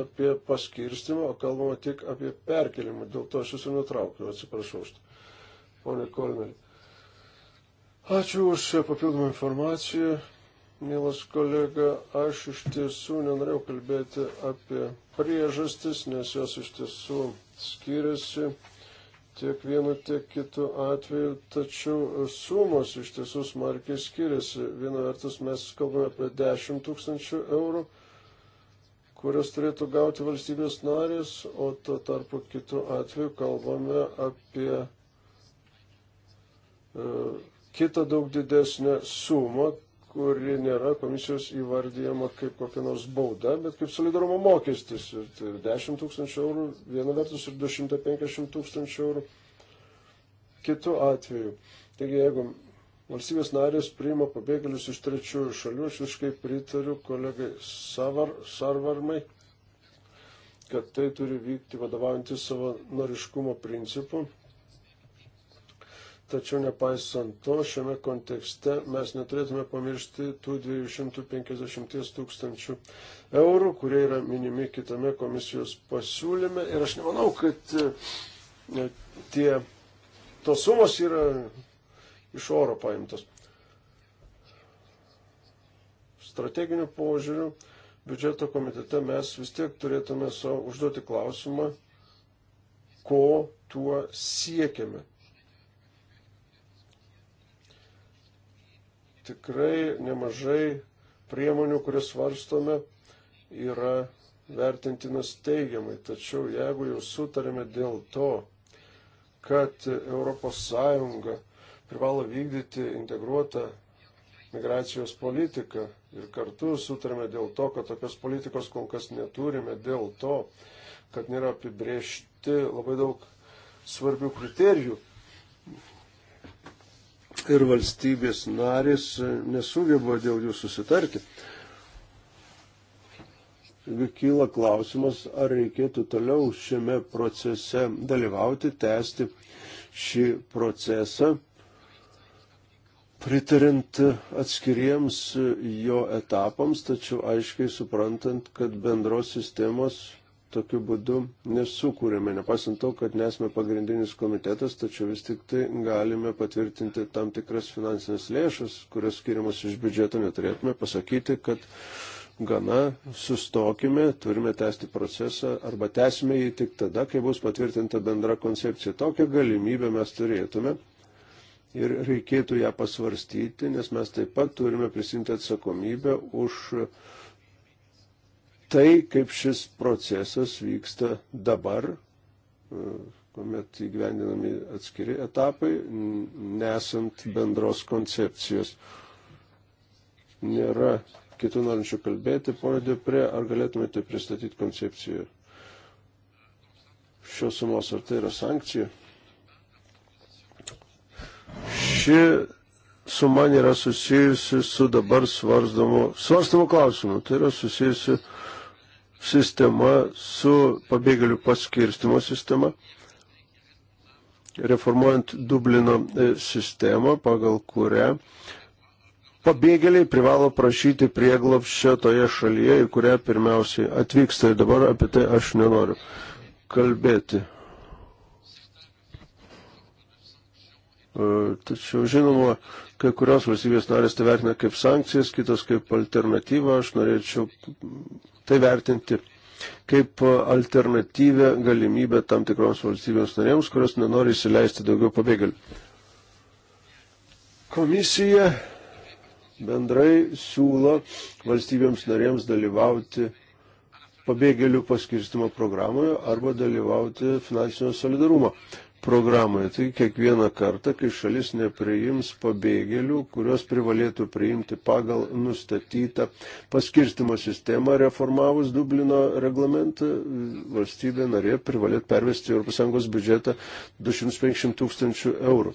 apie paskirstimą, o kalbama tik apie perkelimą. Dėl to aš esu nutraukiu, atsiprašau. Tai. Pone Kolmelį. Ačiū už šią papildomą informaciją. Mielas kolega, aš iš tiesų nenorėjau kalbėti apie priežastis, nes jos iš tiesų skiriasi tiek vienu, tiek kitu atveju, tačiau sumos iš tiesų smarkiai skiriasi. Viena vertus mes kalbame apie 10 tūkstančių eurų, kurias turėtų gauti valstybės narės, o tuo tarpu kitu atveju kalbame apie. Uh, kitą daug didesnę sumą, kuri nėra komisijos įvardyjama kaip kokia nors bauda, bet kaip solidarumo mokestis. Ir tai 10 tūkstančių eurų viena vertus ir 250 tūkstančių eurų kitų atveju. Taigi, jeigu valstybės narės priima pabėgėlius iš trečiųjų šalių, aš visiškai pritariu kolegai Savar, Sarvarmai, kad tai turi vykti vadovaujantis savo noriškumo principu Tačiau nepaisant to, šiame kontekste mes neturėtume pamiršti tų 250 tūkstančių eurų, kurie yra minimi kitame komisijos pasiūlyme. Ir aš nemanau, kad e, tie, tos sumos yra iš oro paimtos. Strateginiu požiūriu biudžeto komitete mes vis tiek turėtume savo užduoti klausimą, ko tuo siekiame. tikrai nemažai priemonių, kurias svarstome, yra vertintinas teigiamai. Tačiau jeigu jau sutarėme dėl to, kad ES privalo vykdyti integruotą migracijos politiką ir kartu sutarėme dėl to, kad tokios politikos kol kas neturime, dėl to, kad nėra apibriežti labai daug svarbių kriterijų ir valstybės narės e, nesugeba dėl jų susitarti. Taigi kyla klausimas, ar reikėtų toliau šiame procese dalyvauti, tęsti šį procesą, pritarint atskiriems jo etapams, tačiau aiškiai suprantant, kad bendros sistemos tokiu būdu nesukūrėme, nepasant to, kad nesame pagrindinis komitetas, tačiau vis tik tai galime patvirtinti tam tikras finansinės lėšas, kurios skiriamas iš biudžeto, neturėtume pasakyti, kad gana sustokime, turime tęsti procesą arba tęsime jį tik tada, kai bus patvirtinta bendra koncepcija. Tokią galimybę mes turėtume. Ir reikėtų ją pasvarstyti, nes mes taip pat turime prisimti atsakomybę už uh, tai, kaip šis procesas vyksta dabar, e, kuomet įgyvendinami atskiri etapai, nesant bendros koncepcijos. Nėra kitų norinčių kalbėti, ponė Dupre, ar galėtumėte pristatyti koncepciją šios sumos, ar tai yra sankcija? Ši suma nėra susijusi su dabar svarstamu, svarstamu klausimu, tai yra susijusi su sistema su pabėgėlių paskirstimo sistema, reformuojant Dublino e, sistemą, pagal kurią pabėgėliai privalo prašyti prieglopščio toje šalyje, į kurią pirmiausiai atvyksta ir dabar apie tai aš nenoriu kalbėti. E, tačiau žinoma, kai kurios valstybės narės tai vertina kaip sankcijas, kitos kaip alternatyvą. Aš norėčiau tai vertinti kaip alternatyvę galimybę tam tikroms valstybėms narėms, kurios nenori įsileisti daugiau pabėgėlių. Komisija bendrai siūlo valstybėms narėms dalyvauti pabėgėlių paskirstimo programoje arba dalyvauti finansinio solidarumo programoje. Tai kiekvieną kartą, kai šalis nepriims pabėgėlių, kurios privalėtų priimti pagal nustatytą paskirstimo sistemą, reformavus Dublino reglamentą, valstybė narė privalėtų pervesti ES biudžetą 250 tūkstančių eurų.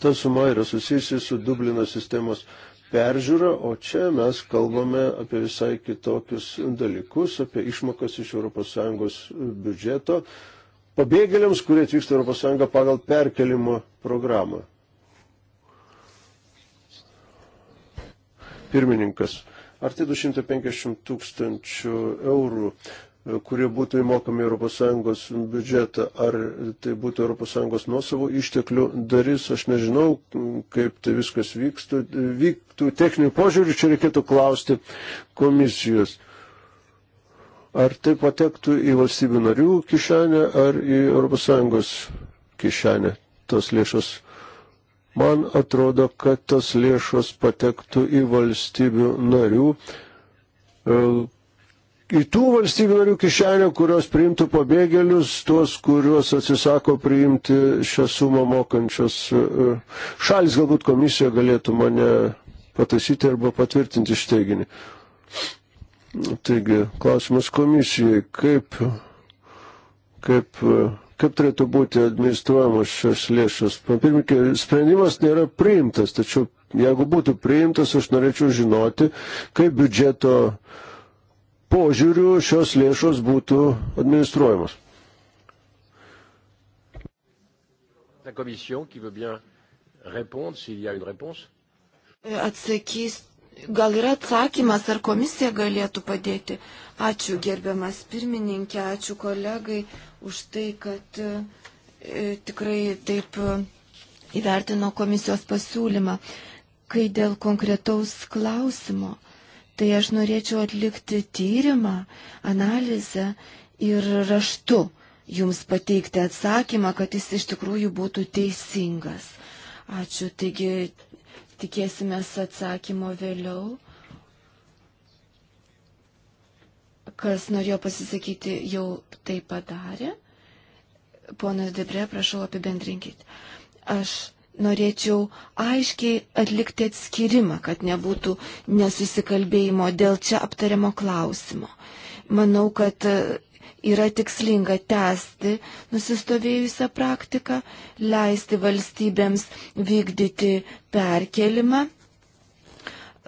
Ta suma yra susijusi su Dublino sistemos peržiūrą, o čia mes kalbame apie visai kitokius dalykus, apie išmokas iš ES biudžeto, pabėgėliams, kurie atvyksta Europos Sąjungą pagal perkelimo programą. Pirmininkas, ar tai 250 tūkstančių eurų, kurie būtų įmokami Europos Sąjungos biudžetą, ar tai būtų Europos Sąjungos nuosavų išteklių darys, aš nežinau, kaip tai viskas vyktų, vyktų techninių požiūrių, čia reikėtų klausti komisijos. Ar tai patektų į valstybių narių kišenę ar į ES kišenę tos lėšos? Man atrodo, kad tos lėšos patektų į valstybių narių, e, į tų valstybių narių kišenę, kurios priimtų pabėgėlius, tuos, kuriuos atsisako priimti šią sumą mokančios e, šalis, galbūt komisija galėtų mane pataisyti arba patvirtinti išteiginį. Taigi, klausimas komisijai, kaip, kaip, kaip turėtų būti administruojamos šios lėšos. Pirmininkė, sprendimas nėra priimtas, tačiau jeigu būtų priimtas, aš norėčiau žinoti, kaip biudžeto požiūrių šios lėšos būtų administruojamos. Atsakys Gal yra atsakymas, ar komisija galėtų padėti? Ačiū gerbiamas pirmininkė, ačiū kolegai už tai, kad e, tikrai taip e, įvertino komisijos pasiūlymą. Kai dėl konkretaus klausimo, tai aš norėčiau atlikti tyrimą, analizę ir raštu jums pateikti atsakymą, kad jis iš tikrųjų būtų teisingas. Ačiū. Taigi tikėsime atsakymo vėliau. Kas norėjo pasisakyti, jau tai padarė. Ponas Debre, prašau apibendrinkit. Aš norėčiau aiškiai atlikti atskirimą, kad nebūtų nesusikalbėjimo dėl čia aptariamo klausimo. Manau, kad yra tikslinga tęsti nusistovėjusią praktiką, leisti valstybėms vykdyti perkelimą.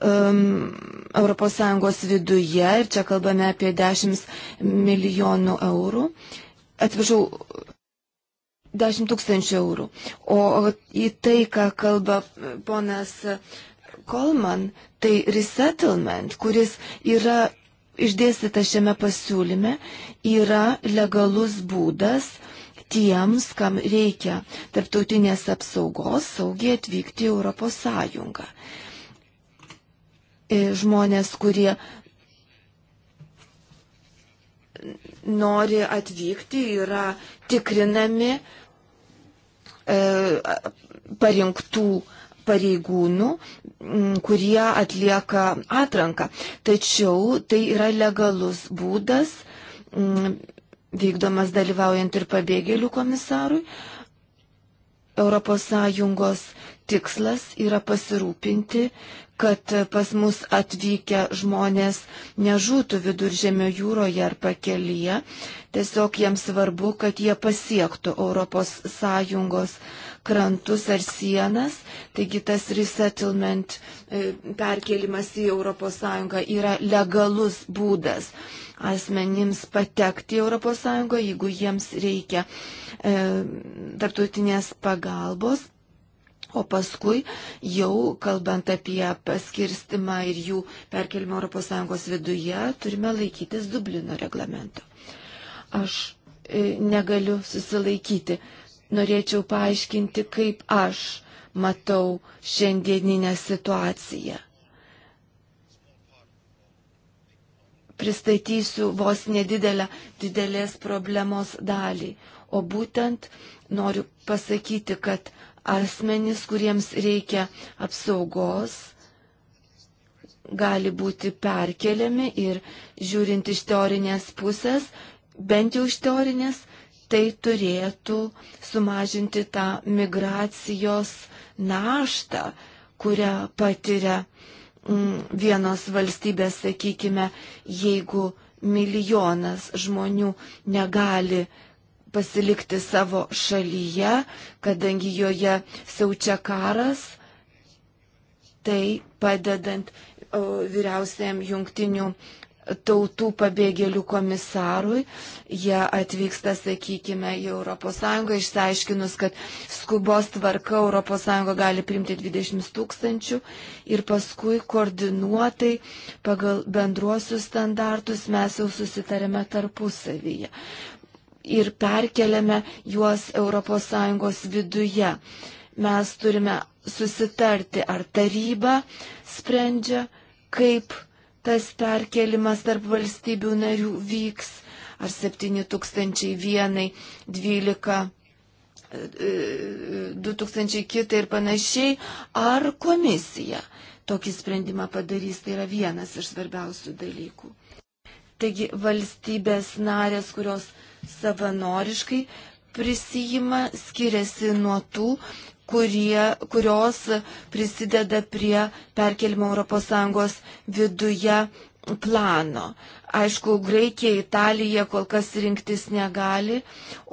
Um, ES viduje, ir čia kalbame apie 10 milijonų eurų, atvežau 10 tūkstančių eurų. O į tai, ką kalba ponas Kolman, tai resettlement, kuris yra išdėstyta šiame pasiūlyme, yra legalus būdas tiems, kam reikia tarptautinės apsaugos, saugiai atvykti į Europos Sąjungą. E, žmonės, kurie nori atvykti, yra tikrinami e, parinktų e, pareigūnų, kurie atlieka atranką. Tačiau tai yra legalus būdas, vykdomas dalyvaujant ir pabėgėlių komisarui. ES tikslas yra pasirūpinti, kad pas mus atvykę žmonės nežūtų viduržėmio jūroje ar pakelyje. Tiesiog jiems svarbu, kad jie pasiektų ES krantus ar sienas. Taigi tas resettlement e, perkelimas į ES yra legalus būdas asmenims patekti į ES, jeigu jiems reikia e, tarptautinės pagalbos. O paskui jau kalbant apie paskirstimą ir jų perkelimą ES viduje, turime laikytis Dublino reglamento. Aš e, negaliu susilaikyti norėčiau paaiškinti, kaip aš matau šiandieninę situaciją. Pristatysiu vos nedidelę didelės problemos dalį, o būtent noriu pasakyti, kad asmenys, kuriems reikia apsaugos, gali būti perkeliami ir žiūrint iš teorinės pusės, bent jau iš teorinės, tai turėtų sumažinti tą migracijos naštą, kurią patiria mm, vienos valstybės, sakykime, jeigu milijonas žmonių negali pasilikti savo šalyje, kadangi joje siaučia karas, tai padedant vyriausiam jungtinių tautų pabėgėlių komisarui. Jie atvyksta, sakykime, į ES, išsiaiškinus, kad skubos tvarka ES gali primti 20 tūkstančių ir paskui koordinuotai pagal bendruosius standartus mes jau susitarėme tarpusavyje ir perkeliame juos ES viduje. Mes turime susitarti, ar taryba sprendžia, kaip tas perkelimas tarp valstybių narių vyks, ar 7001, 12, 2000 kitai ir panašiai, ar komisija tokį sprendimą padarys, tai yra vienas iš svarbiausių dalykų. Taigi valstybės narės, kurios savanoriškai prisijima, skiriasi nuo tų, kurie, kurios prisideda prie perkelimo ES viduje plano. Aišku, Graikija, Italija kol kas rinktis negali,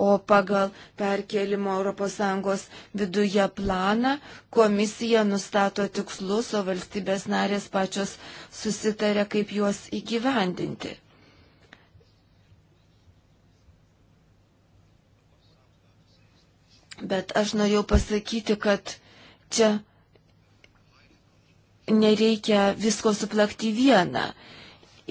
o pagal perkelimo ES viduje planą komisija nustato tikslus, o valstybės narės pačios susitarė, kaip juos įgyvendinti. Bet aš norėjau pasakyti, kad čia nereikia visko suplakti vieną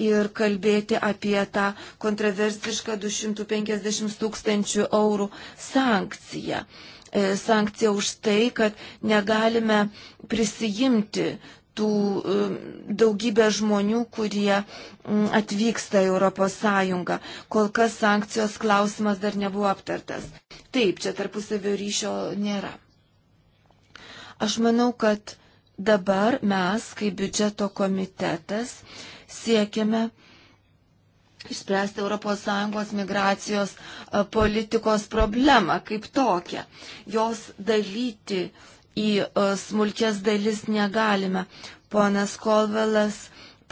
ir kalbėti apie tą kontroversišką 250 tūkstančių eurų sankciją. E, Sankcija už tai, kad negalime prisijimti tų um, daugybę žmonių, kurie um, atvyksta į ES. Kol kas sankcijos klausimas dar nebuvo aptartas. Taip, čia tarpusavio ryšio nėra. Aš manau, kad dabar mes, kaip biudžeto komitetas, siekiame išspręsti ES migracijos politikos problemą kaip tokią. Jos dalyti uh, į e, smulkės dalis negalime. Ponas Kolvelas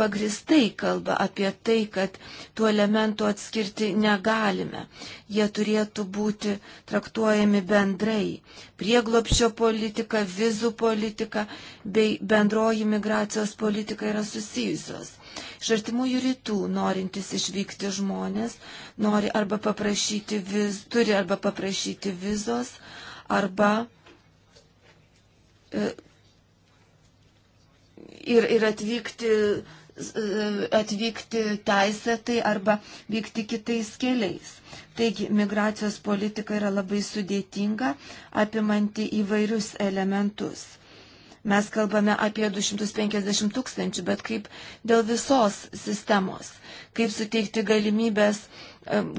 pagristai kalba apie tai, kad tų elementų atskirti negalime. Jie turėtų būti traktuojami bendrai. Prieglopščio politika, vizų politika bei bendroji migracijos politika yra susijusios. Iš artimųjų rytų norintys išvykti žmonės nori arba paprašyti viz, turi arba paprašyti vizos, arba ir, ir atvykti, e, atvykti teisėtai arba vykti kitais keliais. Taigi, migracijos politika yra labai sudėtinga, apimanti įvairius elementus. Mes kalbame apie 250 tūkstančių, bet kaip dėl visos sistemos, kaip suteikti galimybės e,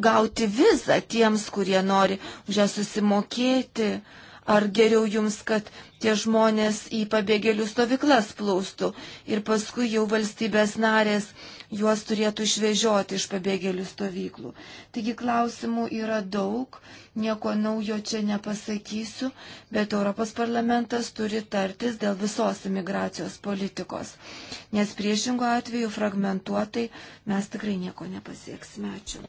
gauti vizą tiems, kurie nori už ją susimokėti, uh, ar geriau jums, kad tie žmonės į pabėgėlių stovyklas plūstų ir paskui jau valstybės narės juos turėtų išvežioti iš pabėgėlių stovyklų. Taigi klausimų yra daug, nieko naujo čia nepasakysiu, bet Europos parlamentas turi tartis dėl visos imigracijos politikos, nes priešingų atveju fragmentuotai mes tikrai nieko nepasieksime. Ačiū.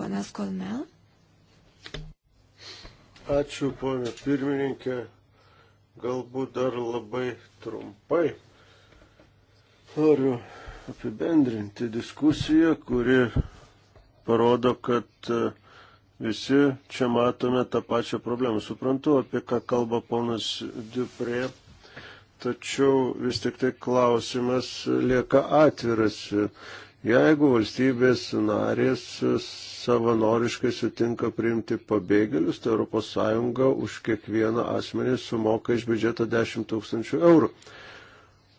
Ponas Kolmel. Ačiū, ponė pirmininkė. Galbūt dar labai trumpai. Noriu apibendrinti diskusiją, kuri parodo, kad e, visi čia matome tą pačią problemą. Suprantu, apie ką kalba ponas Duprė, tačiau vis tik tai klausimas lieka atviras Jeigu valstybės narės savanoriškai sutinka priimti pabėgėlius, tai ES už kiekvieną asmenį sumoka iš biudžeto 10 tūkstančių eurų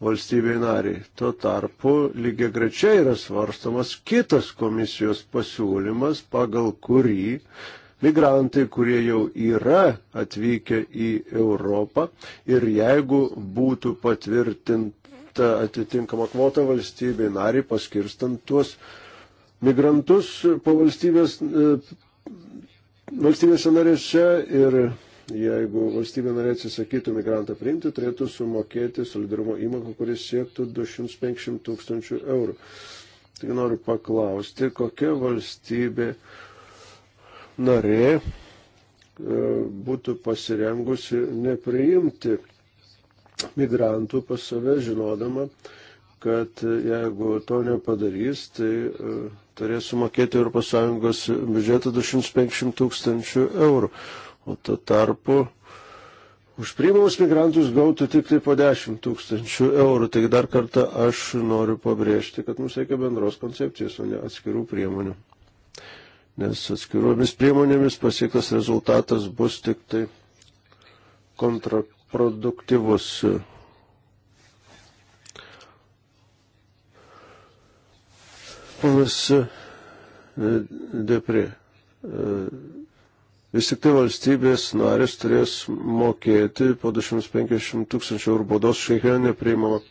valstybei nariai. Tuo tarpu lygiai grečiai yra svarstamas kitas komisijos pasiūlymas, pagal kurį migrantai, kurie jau yra atvykę į Europą ir jeigu būtų patvirtinti numatyta atitinkama kvota valstybei nariai paskirstant tuos migrantus po valstybės, e, valstybėse narėse ir jeigu valstybė narė atsisakytų migrantą priimti, turėtų sumokėti solidarumo įmoką, kuris siektų 250 tūkstančių eurų. Tik noriu paklausti, kokia valstybė narė e, būtų pasirengusi nepriimti migrantų pas save, žinodama, kad jeigu to nepadarys, tai e, turės sumokėti ES biudžetą 250 tūkstančių eurų. O tuo tarpu už priimamus migrantus gautų tik tai po 10 tūkstančių eurų. Taigi dar kartą aš noriu pabrėžti, kad mums reikia bendros koncepcijos, o ne atskirų priemonių. Nes atskiruomis priemonėmis pasiektas rezultatas bus tik tai kontra, produktyvus. Ponas e, Depri, e, vis tik tai valstybės narės turės mokėti po 250 tūkstančių eurų baudos šeikienė priimama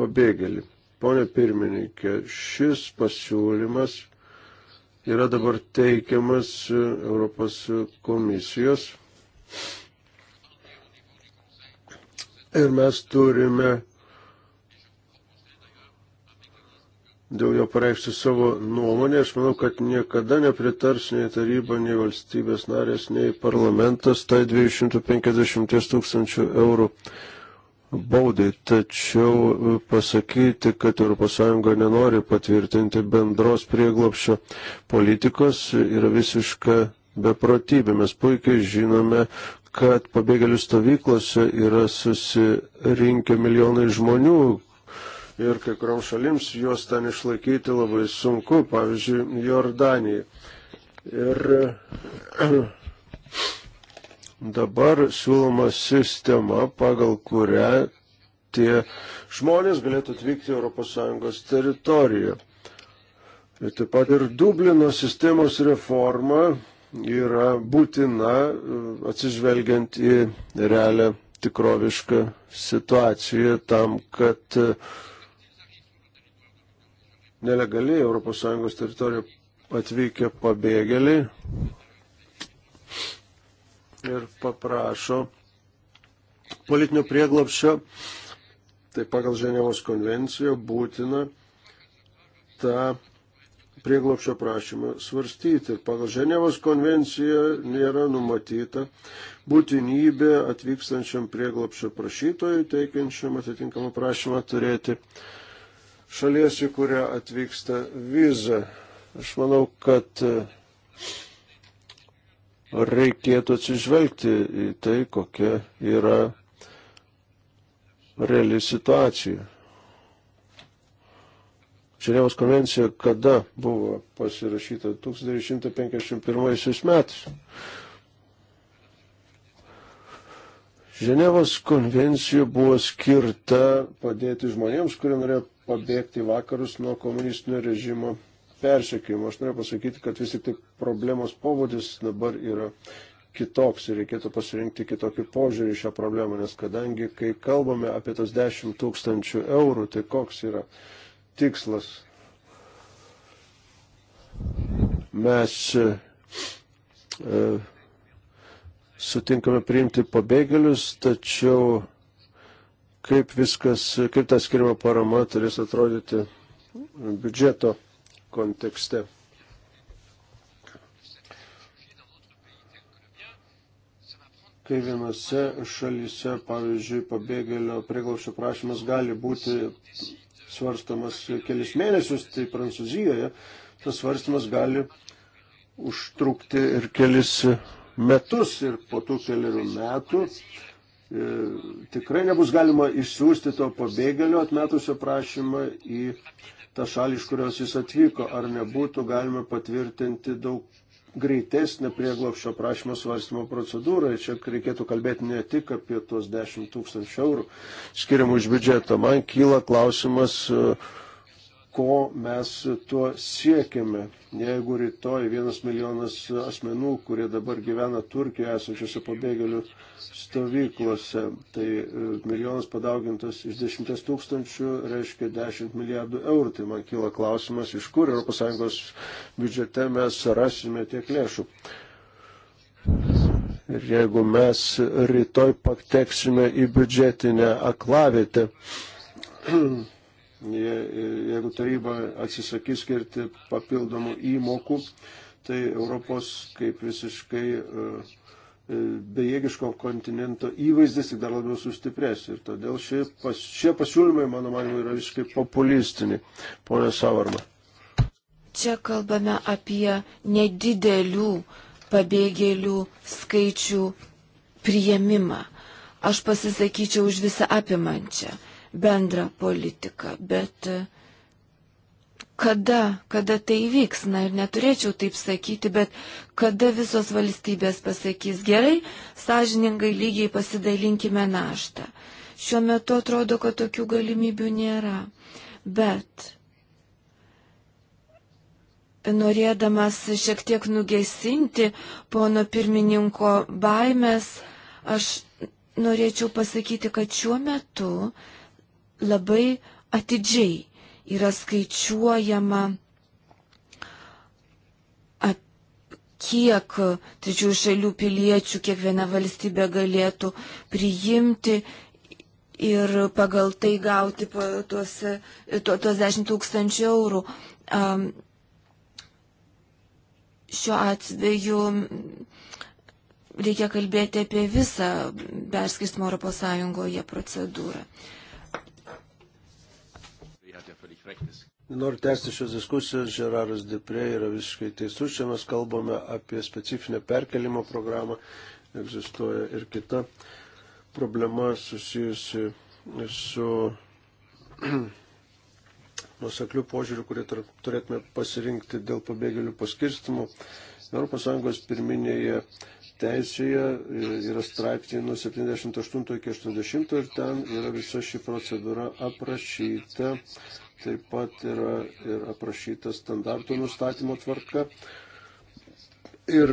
pabėgėlį. Pone pirmininkė, šis pasiūlymas yra dabar teikiamas Europos komisijos ir mes turime dėl jo pareikšti savo nuomonę. Aš manau, kad niekada nepritars nei taryba, nei valstybės narės, nei parlamentas tai 250 tūkstančių eurų baudai. Tačiau pasakyti, kad ES nenori patvirtinti bendros prieglopščio politikos yra visiška beprotybė. Mes puikiai žinome, kad pabėgėlių stovyklose yra susirinkę milijonai žmonių, ir kai kuriam šalims juos ten išlaikyti labai sunku, pavyzdžiui, Jordanijai. Ir dabar siūloma sistema, pagal kurią tie žmonės galėtų atvykti ES teritoriją. Ir taip pat ir Dublino sistemos reforma yra būtina e, atsižvelgiant į realią tikrovišką situaciją tam, kad e, nelegaliai ES teritoriją atvykę pabėgėliai ir paprašo politinio prieglopščio, tai pagal Ženevos konvenciją būtina tą prieglopšio prašymą svarstyti. Pagal Ženevos konvenciją nėra numatyta būtinybė atvykstančiam prieglopšio prašytojui, teikiančiam atitinkamą prašymą turėti šalies, į kurią atvyksta vizą. Aš manau, kad e, reikėtų atsižvelgti į tai, kokia yra reali situacija. Ženevos konvencija kada buvo pasirašyta 1951 metais. Ženevos konvencija buvo skirta padėti žmonėms, kurie norėjo pabėgti vakarus nuo komunistinio režimo persekiojimo. Aš noriu pasakyti, kad vis tik tai problemos pobūdis dabar yra kitoks ir reikėtų pasirinkti kitokį požiūrį šią problemą, nes kadangi, kai kalbame apie tos 10 tūkstančių eurų, tai koks yra tikslas. Mes e, e, sutinkame priimti pabėgėlius, tačiau kaip viskas, kaip ta skirima parama turės atrodyti biudžeto kontekste. Kai vienose šalyse, pavyzdžiui, pabėgėlio prieglaušio prašymas gali būti svarstamas kelis mėnesius, tai Prancūzijoje tas svarstymas gali užtrukti ir kelis metus ir po tų kelių metų e, tikrai nebus galima išsiųsti to pabėgėlio atmetusio prašymą į tą šalį, iš kurios jis atvyko, ar nebūtų galima patvirtinti daug greitesnę prieglopščio prašymo svarstymo procedūrą. Ir čia reikėtų kalbėti ne tik apie tuos 10 tūkstančių eurų skiriamų iš biudžeto. Man kyla klausimas, uh, ko mes tuo siekiame. Jeigu rytoj vienas milijonas asmenų, kurie dabar gyvena Turkijoje esančiose pabėgėlių stovyklose, tai e, milijonas padaugintas iš dešimties tūkstančių reiškia dešimt milijardų eurų. Tai man kyla klausimas, iš kur ES biudžete mes rasime tiek lėšų. Ir jeigu mes rytoj pateksime į biudžetinę aklavietę, jeigu taryba atsisakys skirti papildomų įmokų, tai Europos kaip visiškai e, bejėgiško kontinento įvaizdis tik dar labiau sustiprės. Ir todėl šie, pas, šie pasiūlymai, mano manimu, yra visiškai populistiniai. Pone Savarma. Čia kalbame apie nedidelių pabėgėlių skaičių priėmimą. Aš pasisakyčiau už visą apimančią bendrą politiką, bet e, kada, kada tai įvyks, na ir neturėčiau taip sakyti, bet kada visos valstybės pasakys gerai, sąžiningai lygiai pasidalinkime naštą. Šiuo metu atrodo, kad tokių galimybių nėra, bet norėdamas šiek tiek nugesinti pono pirmininko baimės, aš norėčiau pasakyti, kad šiuo metu labai atidžiai yra skaičiuojama, kiek trečiųjų šalių piliečių kiekviena valstybė galėtų priimti ir pagal tai gauti tuos, tuos 10 tūkstančių eurų. Um, šiuo atveju reikia kalbėti apie visą perskirstimo ES procedūrą. Uh, Noriu tęsti šios diskusijos, Žeraras Deprė yra visiškai teisus, čia mes kalbame apie specifinę perkelimo programą, egzistuoja ir kita problema susijusi su nusaklių požiūrių, kurį turėtume pasirinkti dėl pabėgėlių paskirstimų. ES pirminėje teisėje yra straipsniai nuo 78 iki 80 ir ten yra visa ši procedūra aprašyta taip pat yra ir aprašyta standartų nustatymo tvarka. Ir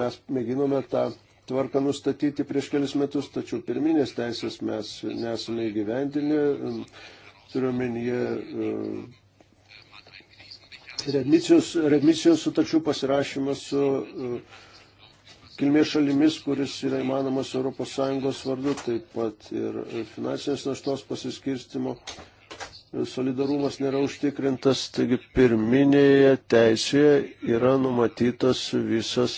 mes mėginome tą tvarką nustatyti prieš kelis metus, tačiau pirminės teisės mes nesame įgyvendinę. Turiuomenyje e, redmisijos, redmisijos sutarčių pasirašymas su e, kilmės šalimis, kuris yra įmanomas ES vardu, taip pat ir finansinės naštos pasiskirstimo solidarumas nėra užtikrintas, taigi pirminėje teisėje yra numatytos visas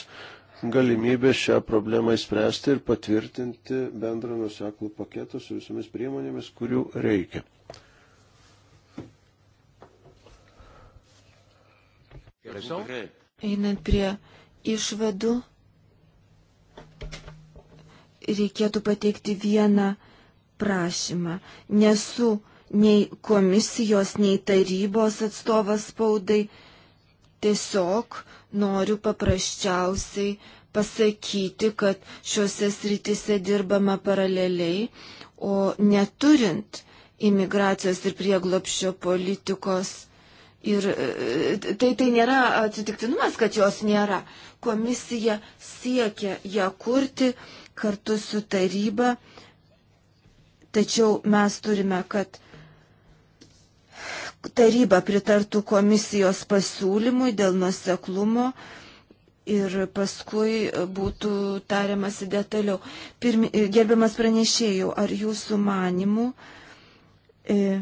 galimybės šią problemą įspręsti ir patvirtinti bendrą nuseklų paketą su visomis priemonėmis, kurių reikia. Einant prie išvadų, reikėtų pateikti vieną prašymą. Nesu nei komisijos, nei tarybos atstovas spaudai. Tiesiog noriu paprasčiausiai pasakyti, kad šiuose srityse dirbama paraleliai, o neturint imigracijos ir prieglopščio politikos. Ir e, tai, tai nėra atsitiktinumas, kad jos nėra. Komisija siekia ją kurti kartu su taryba, tačiau mes turime, kad taryba pritartų komisijos pasiūlymui dėl nuseklumo ir paskui būtų tariamasi detaliau. Pirmi, gerbiamas pranešėjau, ar jūsų manimų e,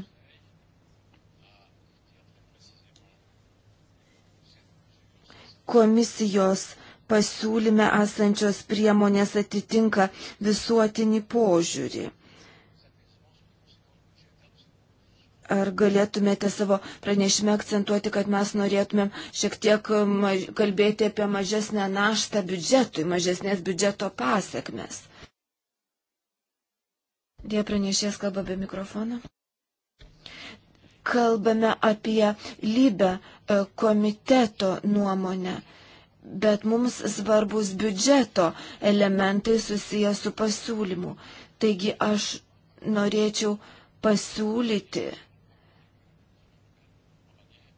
komisijos pasiūlyme esančios priemonės atitinka visuotinį požiūrį? Ar galėtumėte savo pranešime akcentuoti, kad mes norėtumėm šiek tiek um, maž... kalbėti apie mažesnę naštą biudžetui, mažesnės biudžeto pasiekmes? Dėja pranešės kalba be mikrofono. Kalbame apie lybę e, komiteto nuomonę bet mums svarbus biudžeto elementai susiję su pasiūlymu. Taigi aš norėčiau pasiūlyti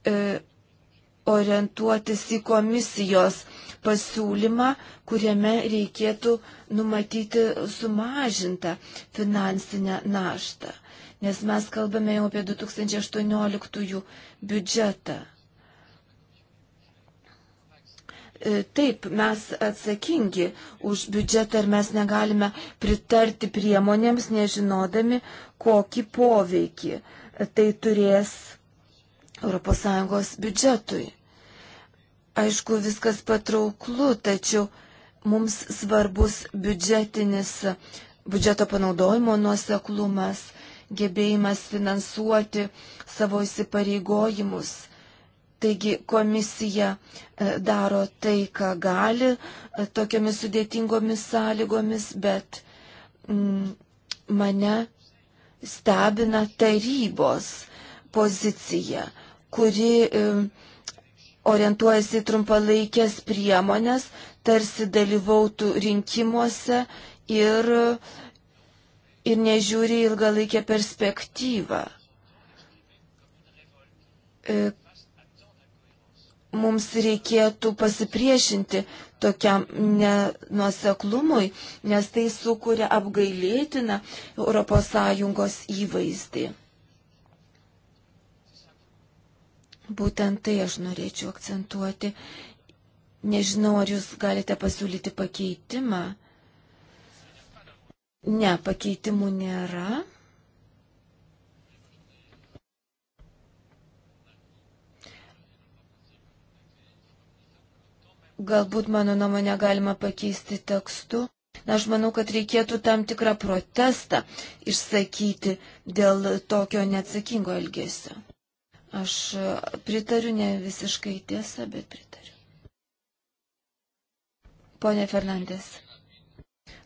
E, orientuotis į komisijos pasiūlymą, kuriame reikėtų numatyti sumažintą finansinę naštą. Nes mes kalbame jau apie 2018 biudžetą. E, taip, mes atsakingi už biudžetą ir mes negalime pritarti priemonėms, nežinodami, kokį poveikį tai turės ES biudžetui. Aišku, viskas patrauklu, tačiau mums svarbus biudžetinis biudžeto panaudojimo nuoseklumas, gebėjimas finansuoti savo įsipareigojimus. Taigi komisija e, daro tai, ką gali e, tokiamis sudėtingomis sąlygomis, bet mm, mane stebina tarybos pozicija kuri orientuojasi į trumpalaikės priemonės, tarsi dalyvautų rinkimuose ir, ir nežiūri ilgalaikę perspektyvą. E, mums reikėtų pasipriešinti tokiam nenuoseklumui, nes tai sukuria apgailėtiną ES įvaizdį. Būtent tai aš norėčiau akcentuoti. Nežinau, ar jūs galite pasiūlyti pakeitimą. Ne, pakeitimų nėra. Galbūt mano nuomonę galima pakeisti tekstu. Na, aš manau, kad reikėtų tam tikrą protestą išsakyti dėl tokio neatsakingo elgesio. Aš pritariu ne visiškai tiesa, bet pritariu. Pone Fernandės,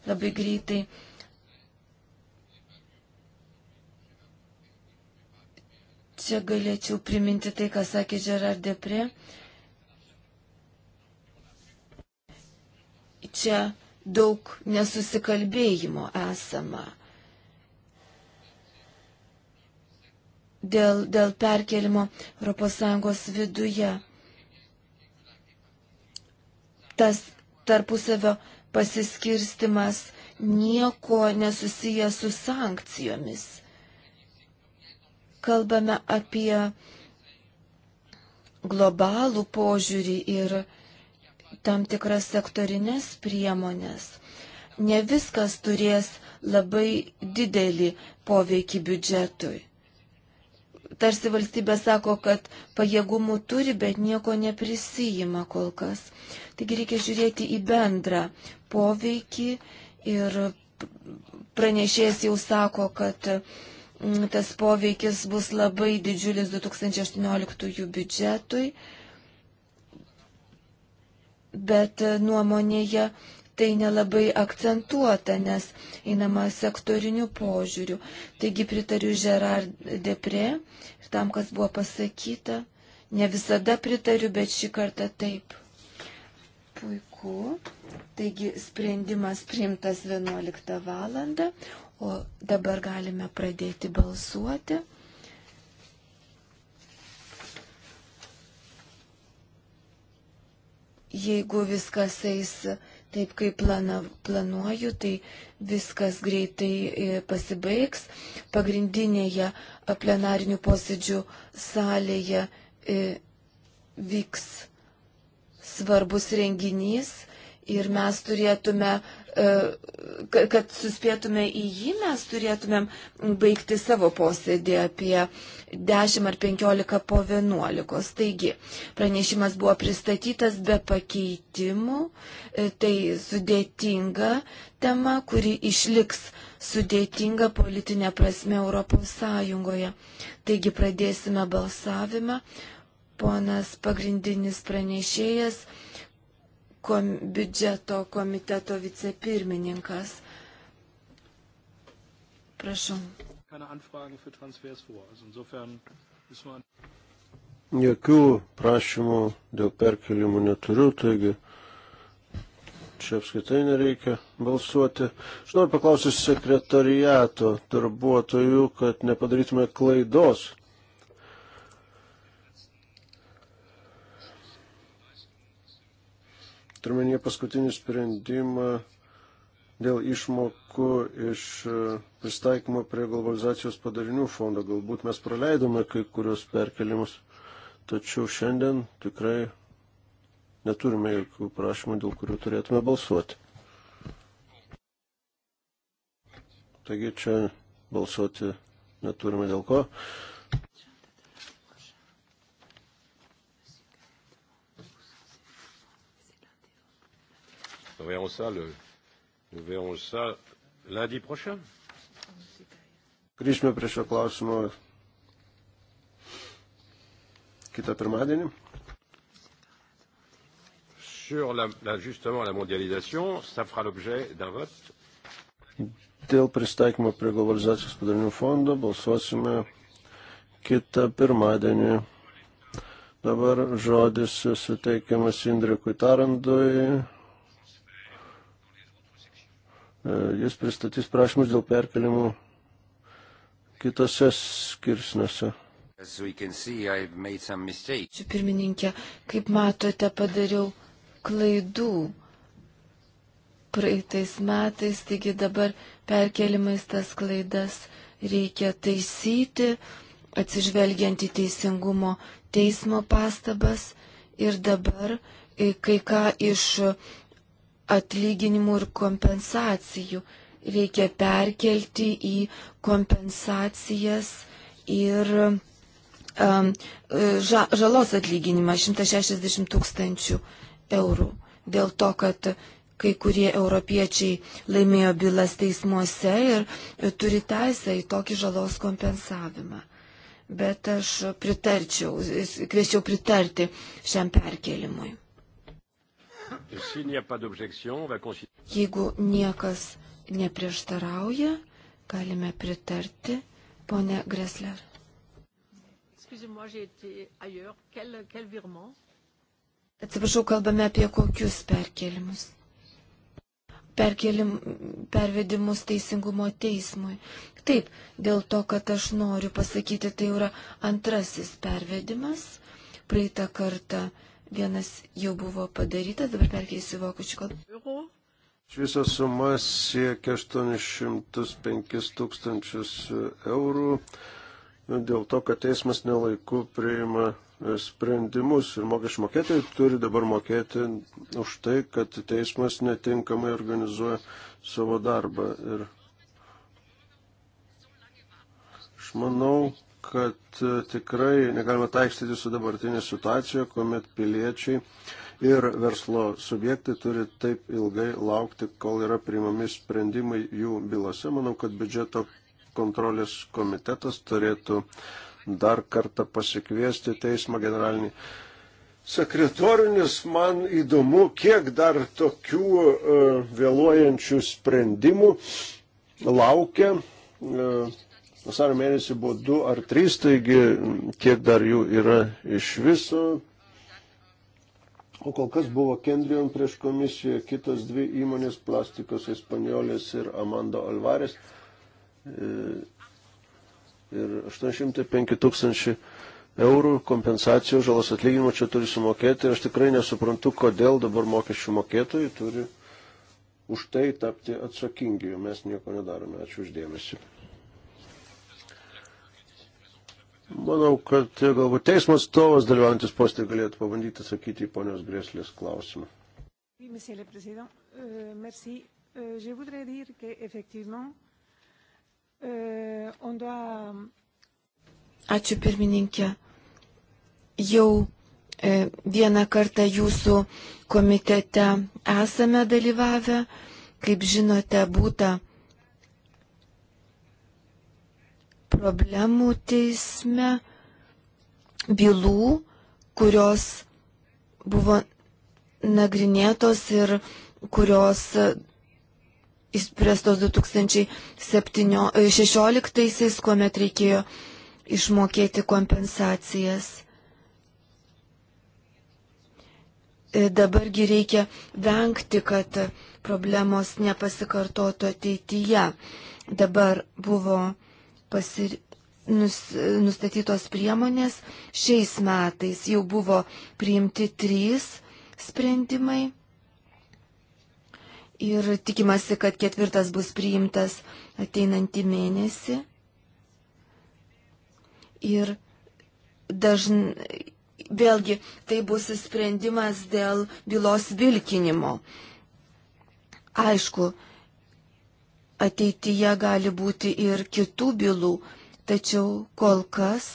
labai greitai. Čia galėčiau priminti tai, ką sakė Gerard Depre. Čia daug nesusikalbėjimo esama. dėl, dėl perkelimo ES viduje. Tas tarpusavio pasiskirstimas nieko nesusijęs su sankcijomis. Kalbame apie globalų požiūrį ir tam tikras sektorinės priemonės. Ne viskas turės labai didelį poveikį biudžetui tarsi valstybė sako, kad pajėgumų turi, bet nieko neprisijima kol kas. Taigi reikia žiūrėti į bendrą poveikį ir pranešėjas jau sako, kad mm, tas poveikis bus labai didžiulis 2018 biudžetui, bet e, nuomonėje tai nelabai akcentuota, nes einama sektoriniu požiūriu. Taigi pritariu Gerard Depre ir tam, kas buvo pasakyta. Ne visada pritariu, bet šį kartą taip. Puiku. Taigi sprendimas priimtas 11 valandą, o dabar galime pradėti balsuoti. Jeigu viskas eis taip kaip plana, planuoju, tai viskas greitai e, pasibaigs. Pagrindinėje e, plenarinių posėdžių salėje e, vyks svarbus renginys ir mes turėtume, e, kad suspėtume į jį, mes turėtumėm baigti savo posėdį apie 10 ar 15 po 11. Taigi, pranešimas buvo pristatytas be pakeitimų, e, tai sudėtinga tema, kuri išliks sudėtinga politinė prasme Europos Sąjungoje. Taigi pradėsime balsavimą. Ponas pagrindinis pranešėjas kom, biudžeto komiteto vicepirmininkas. Prašau. Jokių prašymų dėl perkelimų neturiu, taigi čia apskaitai nereikia balsuoti. Aš noriu paklausyti sekretariato darbuotojų, kad nepadarytume klaidos Turmenyje paskutinį sprendimą dėl išmokų iš e, pristaikymo prie globalizacijos padarinių fondo. Galbūt mes praleidome kai kurios perkelimus, tačiau šiandien tikrai neturime jokių prašymų, dėl kurių turėtume balsuoti. Taigi čia balsuoti neturime dėl ko. Nous verrons ça, le, nous verrons ça lundi prochain. Grįžtume prie šio klausimo kitą pirmadienį. Sur la, la, justement la mondialisation, ça fera l'objet d'un vote. Dėl pristaikymo prie globalizacijos padarinių fondo balsuosime kitą pirmadienį. Dabar žodis suteikiamas Indrikui Tarandui. E, jis pristatys prašymus dėl perkelimų kitose skirsniuose. Čia pirmininkė, kaip matote, padariau klaidų praeitais metais, taigi dabar perkelimais tas klaidas reikia taisyti, atsižvelgiant į teisingumo teismo pastabas ir dabar e, kai ką iš atlyginimų ir kompensacijų. Reikia perkelti į kompensacijas ir um, ža, žalos atlyginimą 160 tūkstančių eurų. Dėl to, kad kai kurie europiečiai laimėjo bylas teismuose ir turi teisę į tokį žalos kompensavimą. Bet aš pritarčiau, kviečiau pritarti šiam perkelimui. Jeigu niekas neprieštarauja, galime pritarti, ponė Gresler. Atsiprašau, kalbame apie kokius perkelimus perkelim, pervedimus teisingumo teismui. Taip, dėl to, kad aš noriu pasakyti, tai yra antrasis pervedimas. Praeitą kartą Vienas jau buvo padarytas, dabar perkeisiu vokiečių kalbą. Šviesa suma siekia 805 tūkstančius eurų dėl to, kad teismas nelaiku priima e, sprendimus ir mokesčių mokėtojai turi dabar mokėti už tai, kad teismas netinkamai organizuoja savo darbą. Ir aš manau, kad e, tikrai negalima taikstyti su dabartinė situacija, kuomet piliečiai ir verslo subjektai turi taip ilgai laukti, kol yra priimami sprendimai jų bylose. Manau, kad biudžeto kontrolės komitetas turėtų dar kartą pasikviesti teismo generalinį sekretorių, nes man įdomu, kiek dar tokių uh, vėluojančių sprendimų laukia uh, Vasario mėnesį buvo du ar trys, taigi kiek dar jų yra iš viso. O kol kas buvo Kendrion prieš komisiją, kitos dvi įmonės, Plastikos Espanjolės ir Amanda Alvarės. E, ir 805 tūkstančių eurų kompensacijų žalos atlyginimo čia turi sumokėti ir aš tikrai nesuprantu, kodėl dabar mokesčių mokėtojai turi už tai tapti atsakingi, mes nieko nedarome. Ačiū uždėmesi. Manau, kad e, galbūt teismo atstovas dalyvaujantis postė galėtų pabandyti atsakyti į ponios Greslės klausimą. Euh, euh, euh, Ačiū pirmininkė. Jau e, vieną kartą jūsų komitete esame dalyvavę. Kaip žinote, būta problemų teisme, bylų, kurios buvo nagrinėtos ir kurios įspręstos e, 2016, e, kuomet reikėjo išmokėti kompensacijas. E, dabargi reikia vengti, kad problemos nepasikartotų ateityje. Dabar buvo pasir... nus... nustatytos priemonės. Šiais metais jau buvo priimti trys sprendimai ir tikimasi, kad ketvirtas bus priimtas ateinantį mėnesį. Ir dažnai, vėlgi, tai bus sprendimas dėl bylos vilkinimo. Aišku, ateityje gali būti ir kitų bylų, tačiau kol kas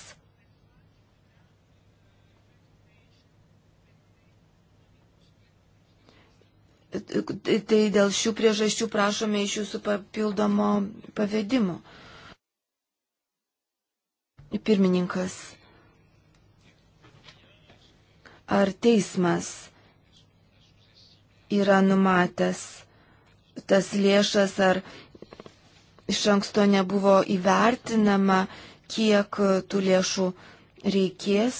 tai, tai dėl šių priežasčių prašome iš jūsų papildomo pavedimo. Pirmininkas. Ar teismas yra numatęs tas lėšas, ar iš anksto nebuvo įvertinama, kiek e, tų lėšų reikės.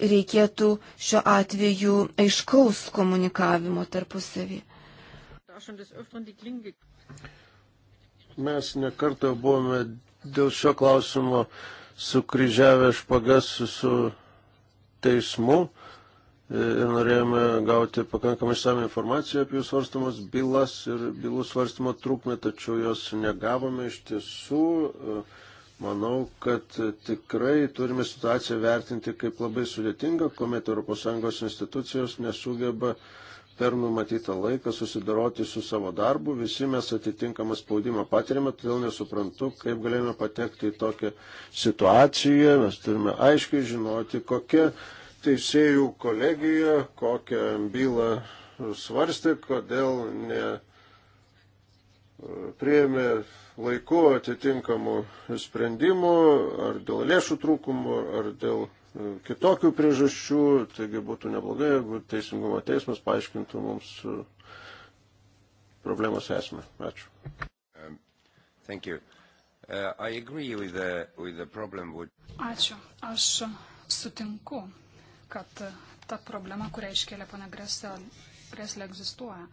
Reikėtų šiuo atveju aiškaus komunikavimo tarpusavį. Mes nekartą buvome dėl šio klausimo sukryžiavę špagas su teismu ir norėjome gauti pakankamai išsame informaciją apie jų svarstamas bylas ir bylų svarstymo trukmę, tačiau jos negavome iš tiesų. Manau, kad tikrai turime situaciją vertinti kaip labai sudėtingą, kuomet ES institucijos nesugeba per numatytą laiką susidoroti su savo darbu. Visi mes atitinkamą spaudimą patirime, todėl nesuprantu, kaip galėjome patekti į tokią situaciją. Mes turime aiškiai žinoti, kokia teisėjų kolegija, kokią bylą svarstė, kodėl ne prieėmė laiku atitinkamų sprendimų, ar dėl lėšų trūkumų, ar dėl e, kitokių priežasčių. Taigi būtų neblogai, jeigu Teisingumo teismas paaiškintų mums e, problemos esmę. Ačiū. Um, uh, with the, with the with... Ačiū. Aš sutinku kad ta problema, kurią iškėlė pana Greslė, egzistuoja.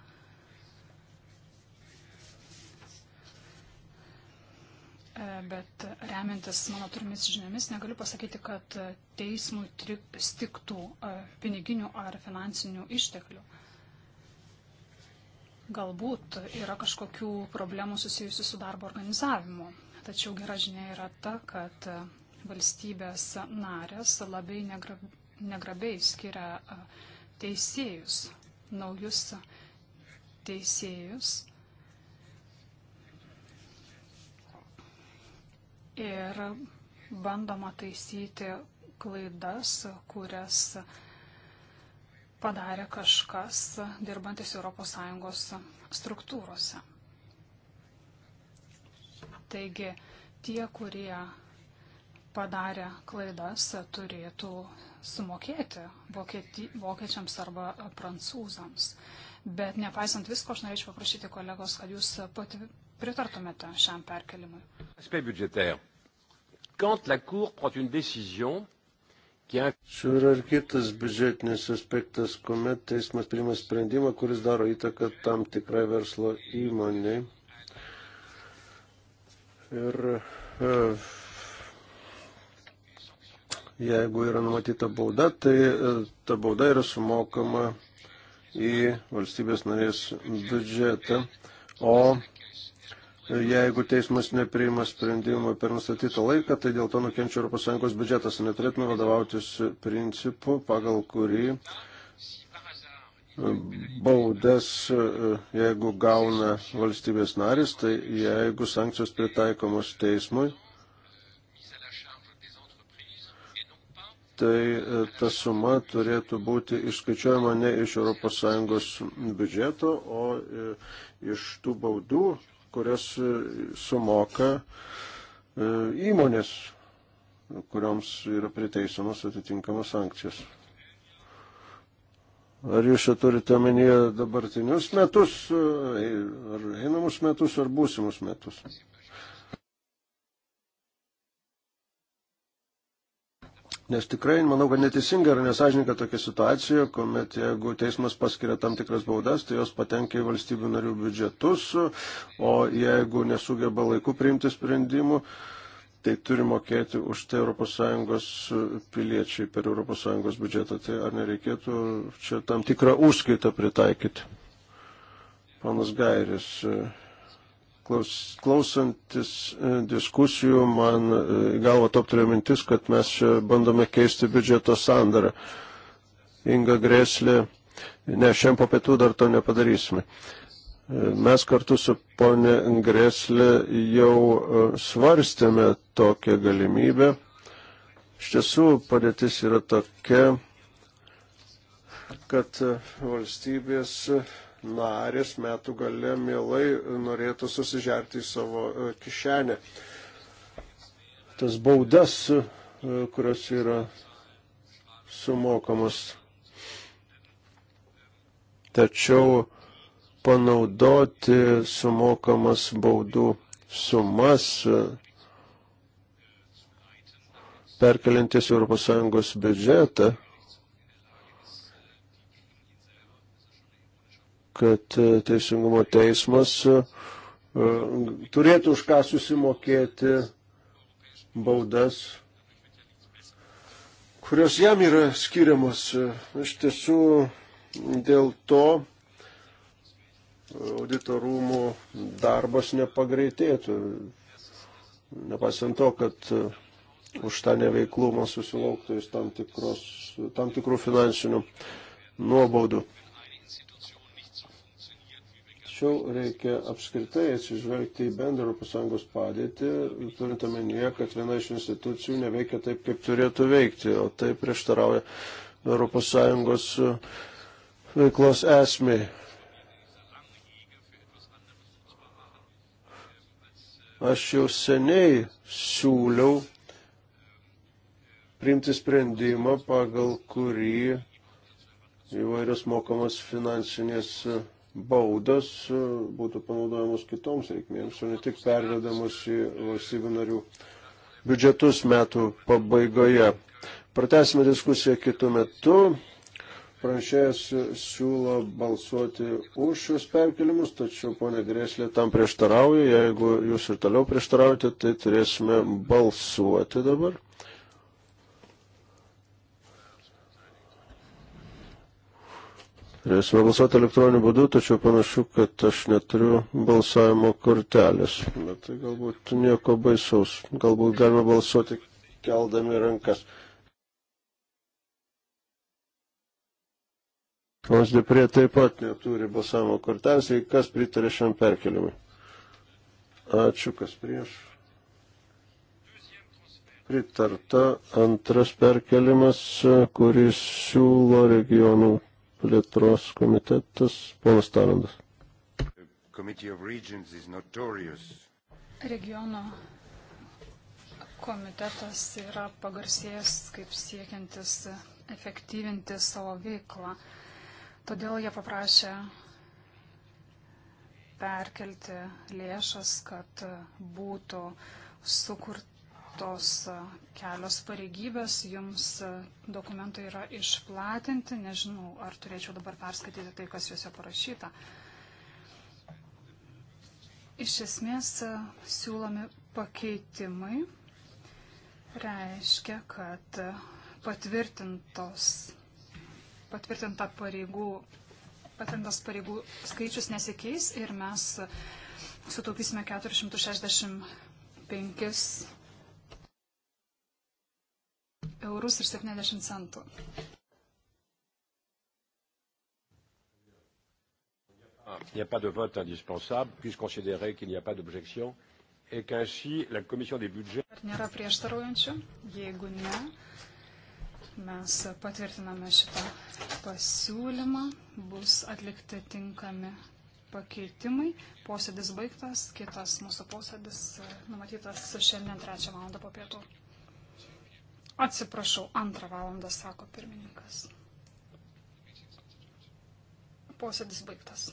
E, bet remiantis mano turimis žiniomis, negaliu pasakyti, kad teismui stiktų e, piniginių ar finansinių išteklių. Galbūt yra kažkokių problemų susijusių su darbo organizavimu. Tačiau gera žinia yra ta, kad valstybės narės labai negra negrabiai skiria teisėjus, naujus teisėjus. Ir bandoma taisyti klaidas, kurias padarė kažkas dirbantis ES struktūrose. Taigi tie, kurie padarę klaidas turėtų sumokėti vokieti, vokiečiams arba prancūzams. Bet nepaisant visko, aš norėčiau paprašyti kolegos, kad jūs pati pritartumėte šiam perkelimui. Čia yra ir kitas biudžetinis aspektas, kuomet teismas priima sprendimą, kuris daro įtaką tam tikrai verslo įmoniai. Ir uh, Jeigu yra numatyta bauda, tai e, ta bauda yra sumokama į valstybės narės biudžetą, o e, jeigu teismas nepriima sprendimo per nustatytą laiką, tai dėl to nukenčia ES biudžetas. Neturėtume vadovautis principu, pagal kurį e, baudas, jeigu gauna valstybės narys, tai jeigu sankcijos pritaikomos teismui, tai e, ta suma turėtų būti išskaičiuojama ne iš ES biudžeto, o e, iš tų baudų, kurias e, sumoka įmonės, kurioms yra priteisamos atitinkamos sankcijos. Ar jūs čia turite omenyje dabartinius metus, ar einamus metus, ar būsimus metus? Nes tikrai, manau, kad neteisinga ir nesažininka tokia situacija, kuomet jeigu teismas paskiria tam tikras baudas, tai jos patenkia į valstybių narių biudžetus, o jeigu nesugeba laiku priimti sprendimų, tai turi mokėti už tai ES piliečiai per ES biudžetą. Tai ar nereikėtų čia tam tikrą užskaitą pritaikyti? Panas Gairis. Klaus, klausantis e, diskusijų, man e, galvo toptelė mintis, kad mes čia bandome keisti biudžeto sandarą. Inga Greslė, ne, šiandien po pietų dar to nepadarysime. E, mes kartu su ponė Greslė jau svarstėme tokią galimybę. Iš tiesų padėtis yra tokia, kad valstybės narės metų gale mielai norėtų susižerti į savo e, kišenę. Tas baudas, e, kurios yra sumokamos. Tačiau panaudoti sumokamas baudų sumas e, perkeliantis ES biudžetą kad e, Teisingumo teismas e, e, turėtų už ką susimokėti baudas, kurios jam yra skiriamos. Iš tiesų dėl to auditorumų darbas nepagreitėtų. Nepasiant to, kad už tą neveiklumą susilauktų jis tam, tikros, tam tikrų finansinių nuobaudų. Tačiau reikia apskritai atsižvelgti į bendrą ES padėtį, turint omenyje, kad viena iš institucijų neveikia taip, kaip turėtų veikti, o tai prieštarauja ES e, veiklos esmiai. Aš jau seniai siūliau priimti sprendimą, pagal kurį įvairios mokamos finansinės baudos e, būtų panaudojamos kitoms reikmėms, o ne tik pervedamos į valstybių narių biudžetus metų pabaigoje. Pratesime diskusiją kitų metų. Pranešėjas siūlo balsuoti už šios perkelimus, tačiau ponė Grėslė tam prieštarauja. Jeigu jūs ir toliau prieštaraujate, tai turėsime balsuoti dabar. Turėsime balsuoti elektroniniu būdu, tačiau panašu, kad aš neturiu balsavimo kortelės. Bet tai galbūt nieko baisaus. Galbūt galima balsuoti keldami rankas. Tomas Deprė taip pat neturi balsavimo kortelės. Tai kas pritarė šiam perkelimui? Ačiū, kas prieš. Pritarta antras perkelimas, kuris siūlo regionų plėtros komitetas, ponas Tarandas. Regiono komitetas yra pagarsėjęs kaip siekiantis efektyvinti savo veiklą. Todėl jie paprašė perkelti lėšas, kad būtų sukurti tos kelios pareigybės. Jums dokumentai yra išplatinti, nežinau, ar turėčiau dabar perskaityti tai, kas juose parašyta. Iš esmės siūlomi pakeitimai reiškia, kad patvirtintos, patvirtinta pareigų, patvirtintas pareigų skaičius nesikeis ir mes sutaupysime 465 eurus ir 70 centų. Il n'y a pas de vote indispensable, puisse considérer qu'il n'y a pas d'objection et qu'ainsi la commission des budgets. Ar nėra prieštaraujančių? Jeigu ne, mes patvirtiname šitą pasiūlymą, bus atlikti tinkami pakeitimai. Posėdis baigtas, kitas mūsų posėdis e, numatytas šiandien 3 val. po pietų. Atsiprašau, antrą valandą, sako pirmininkas. Posėdis baigtas.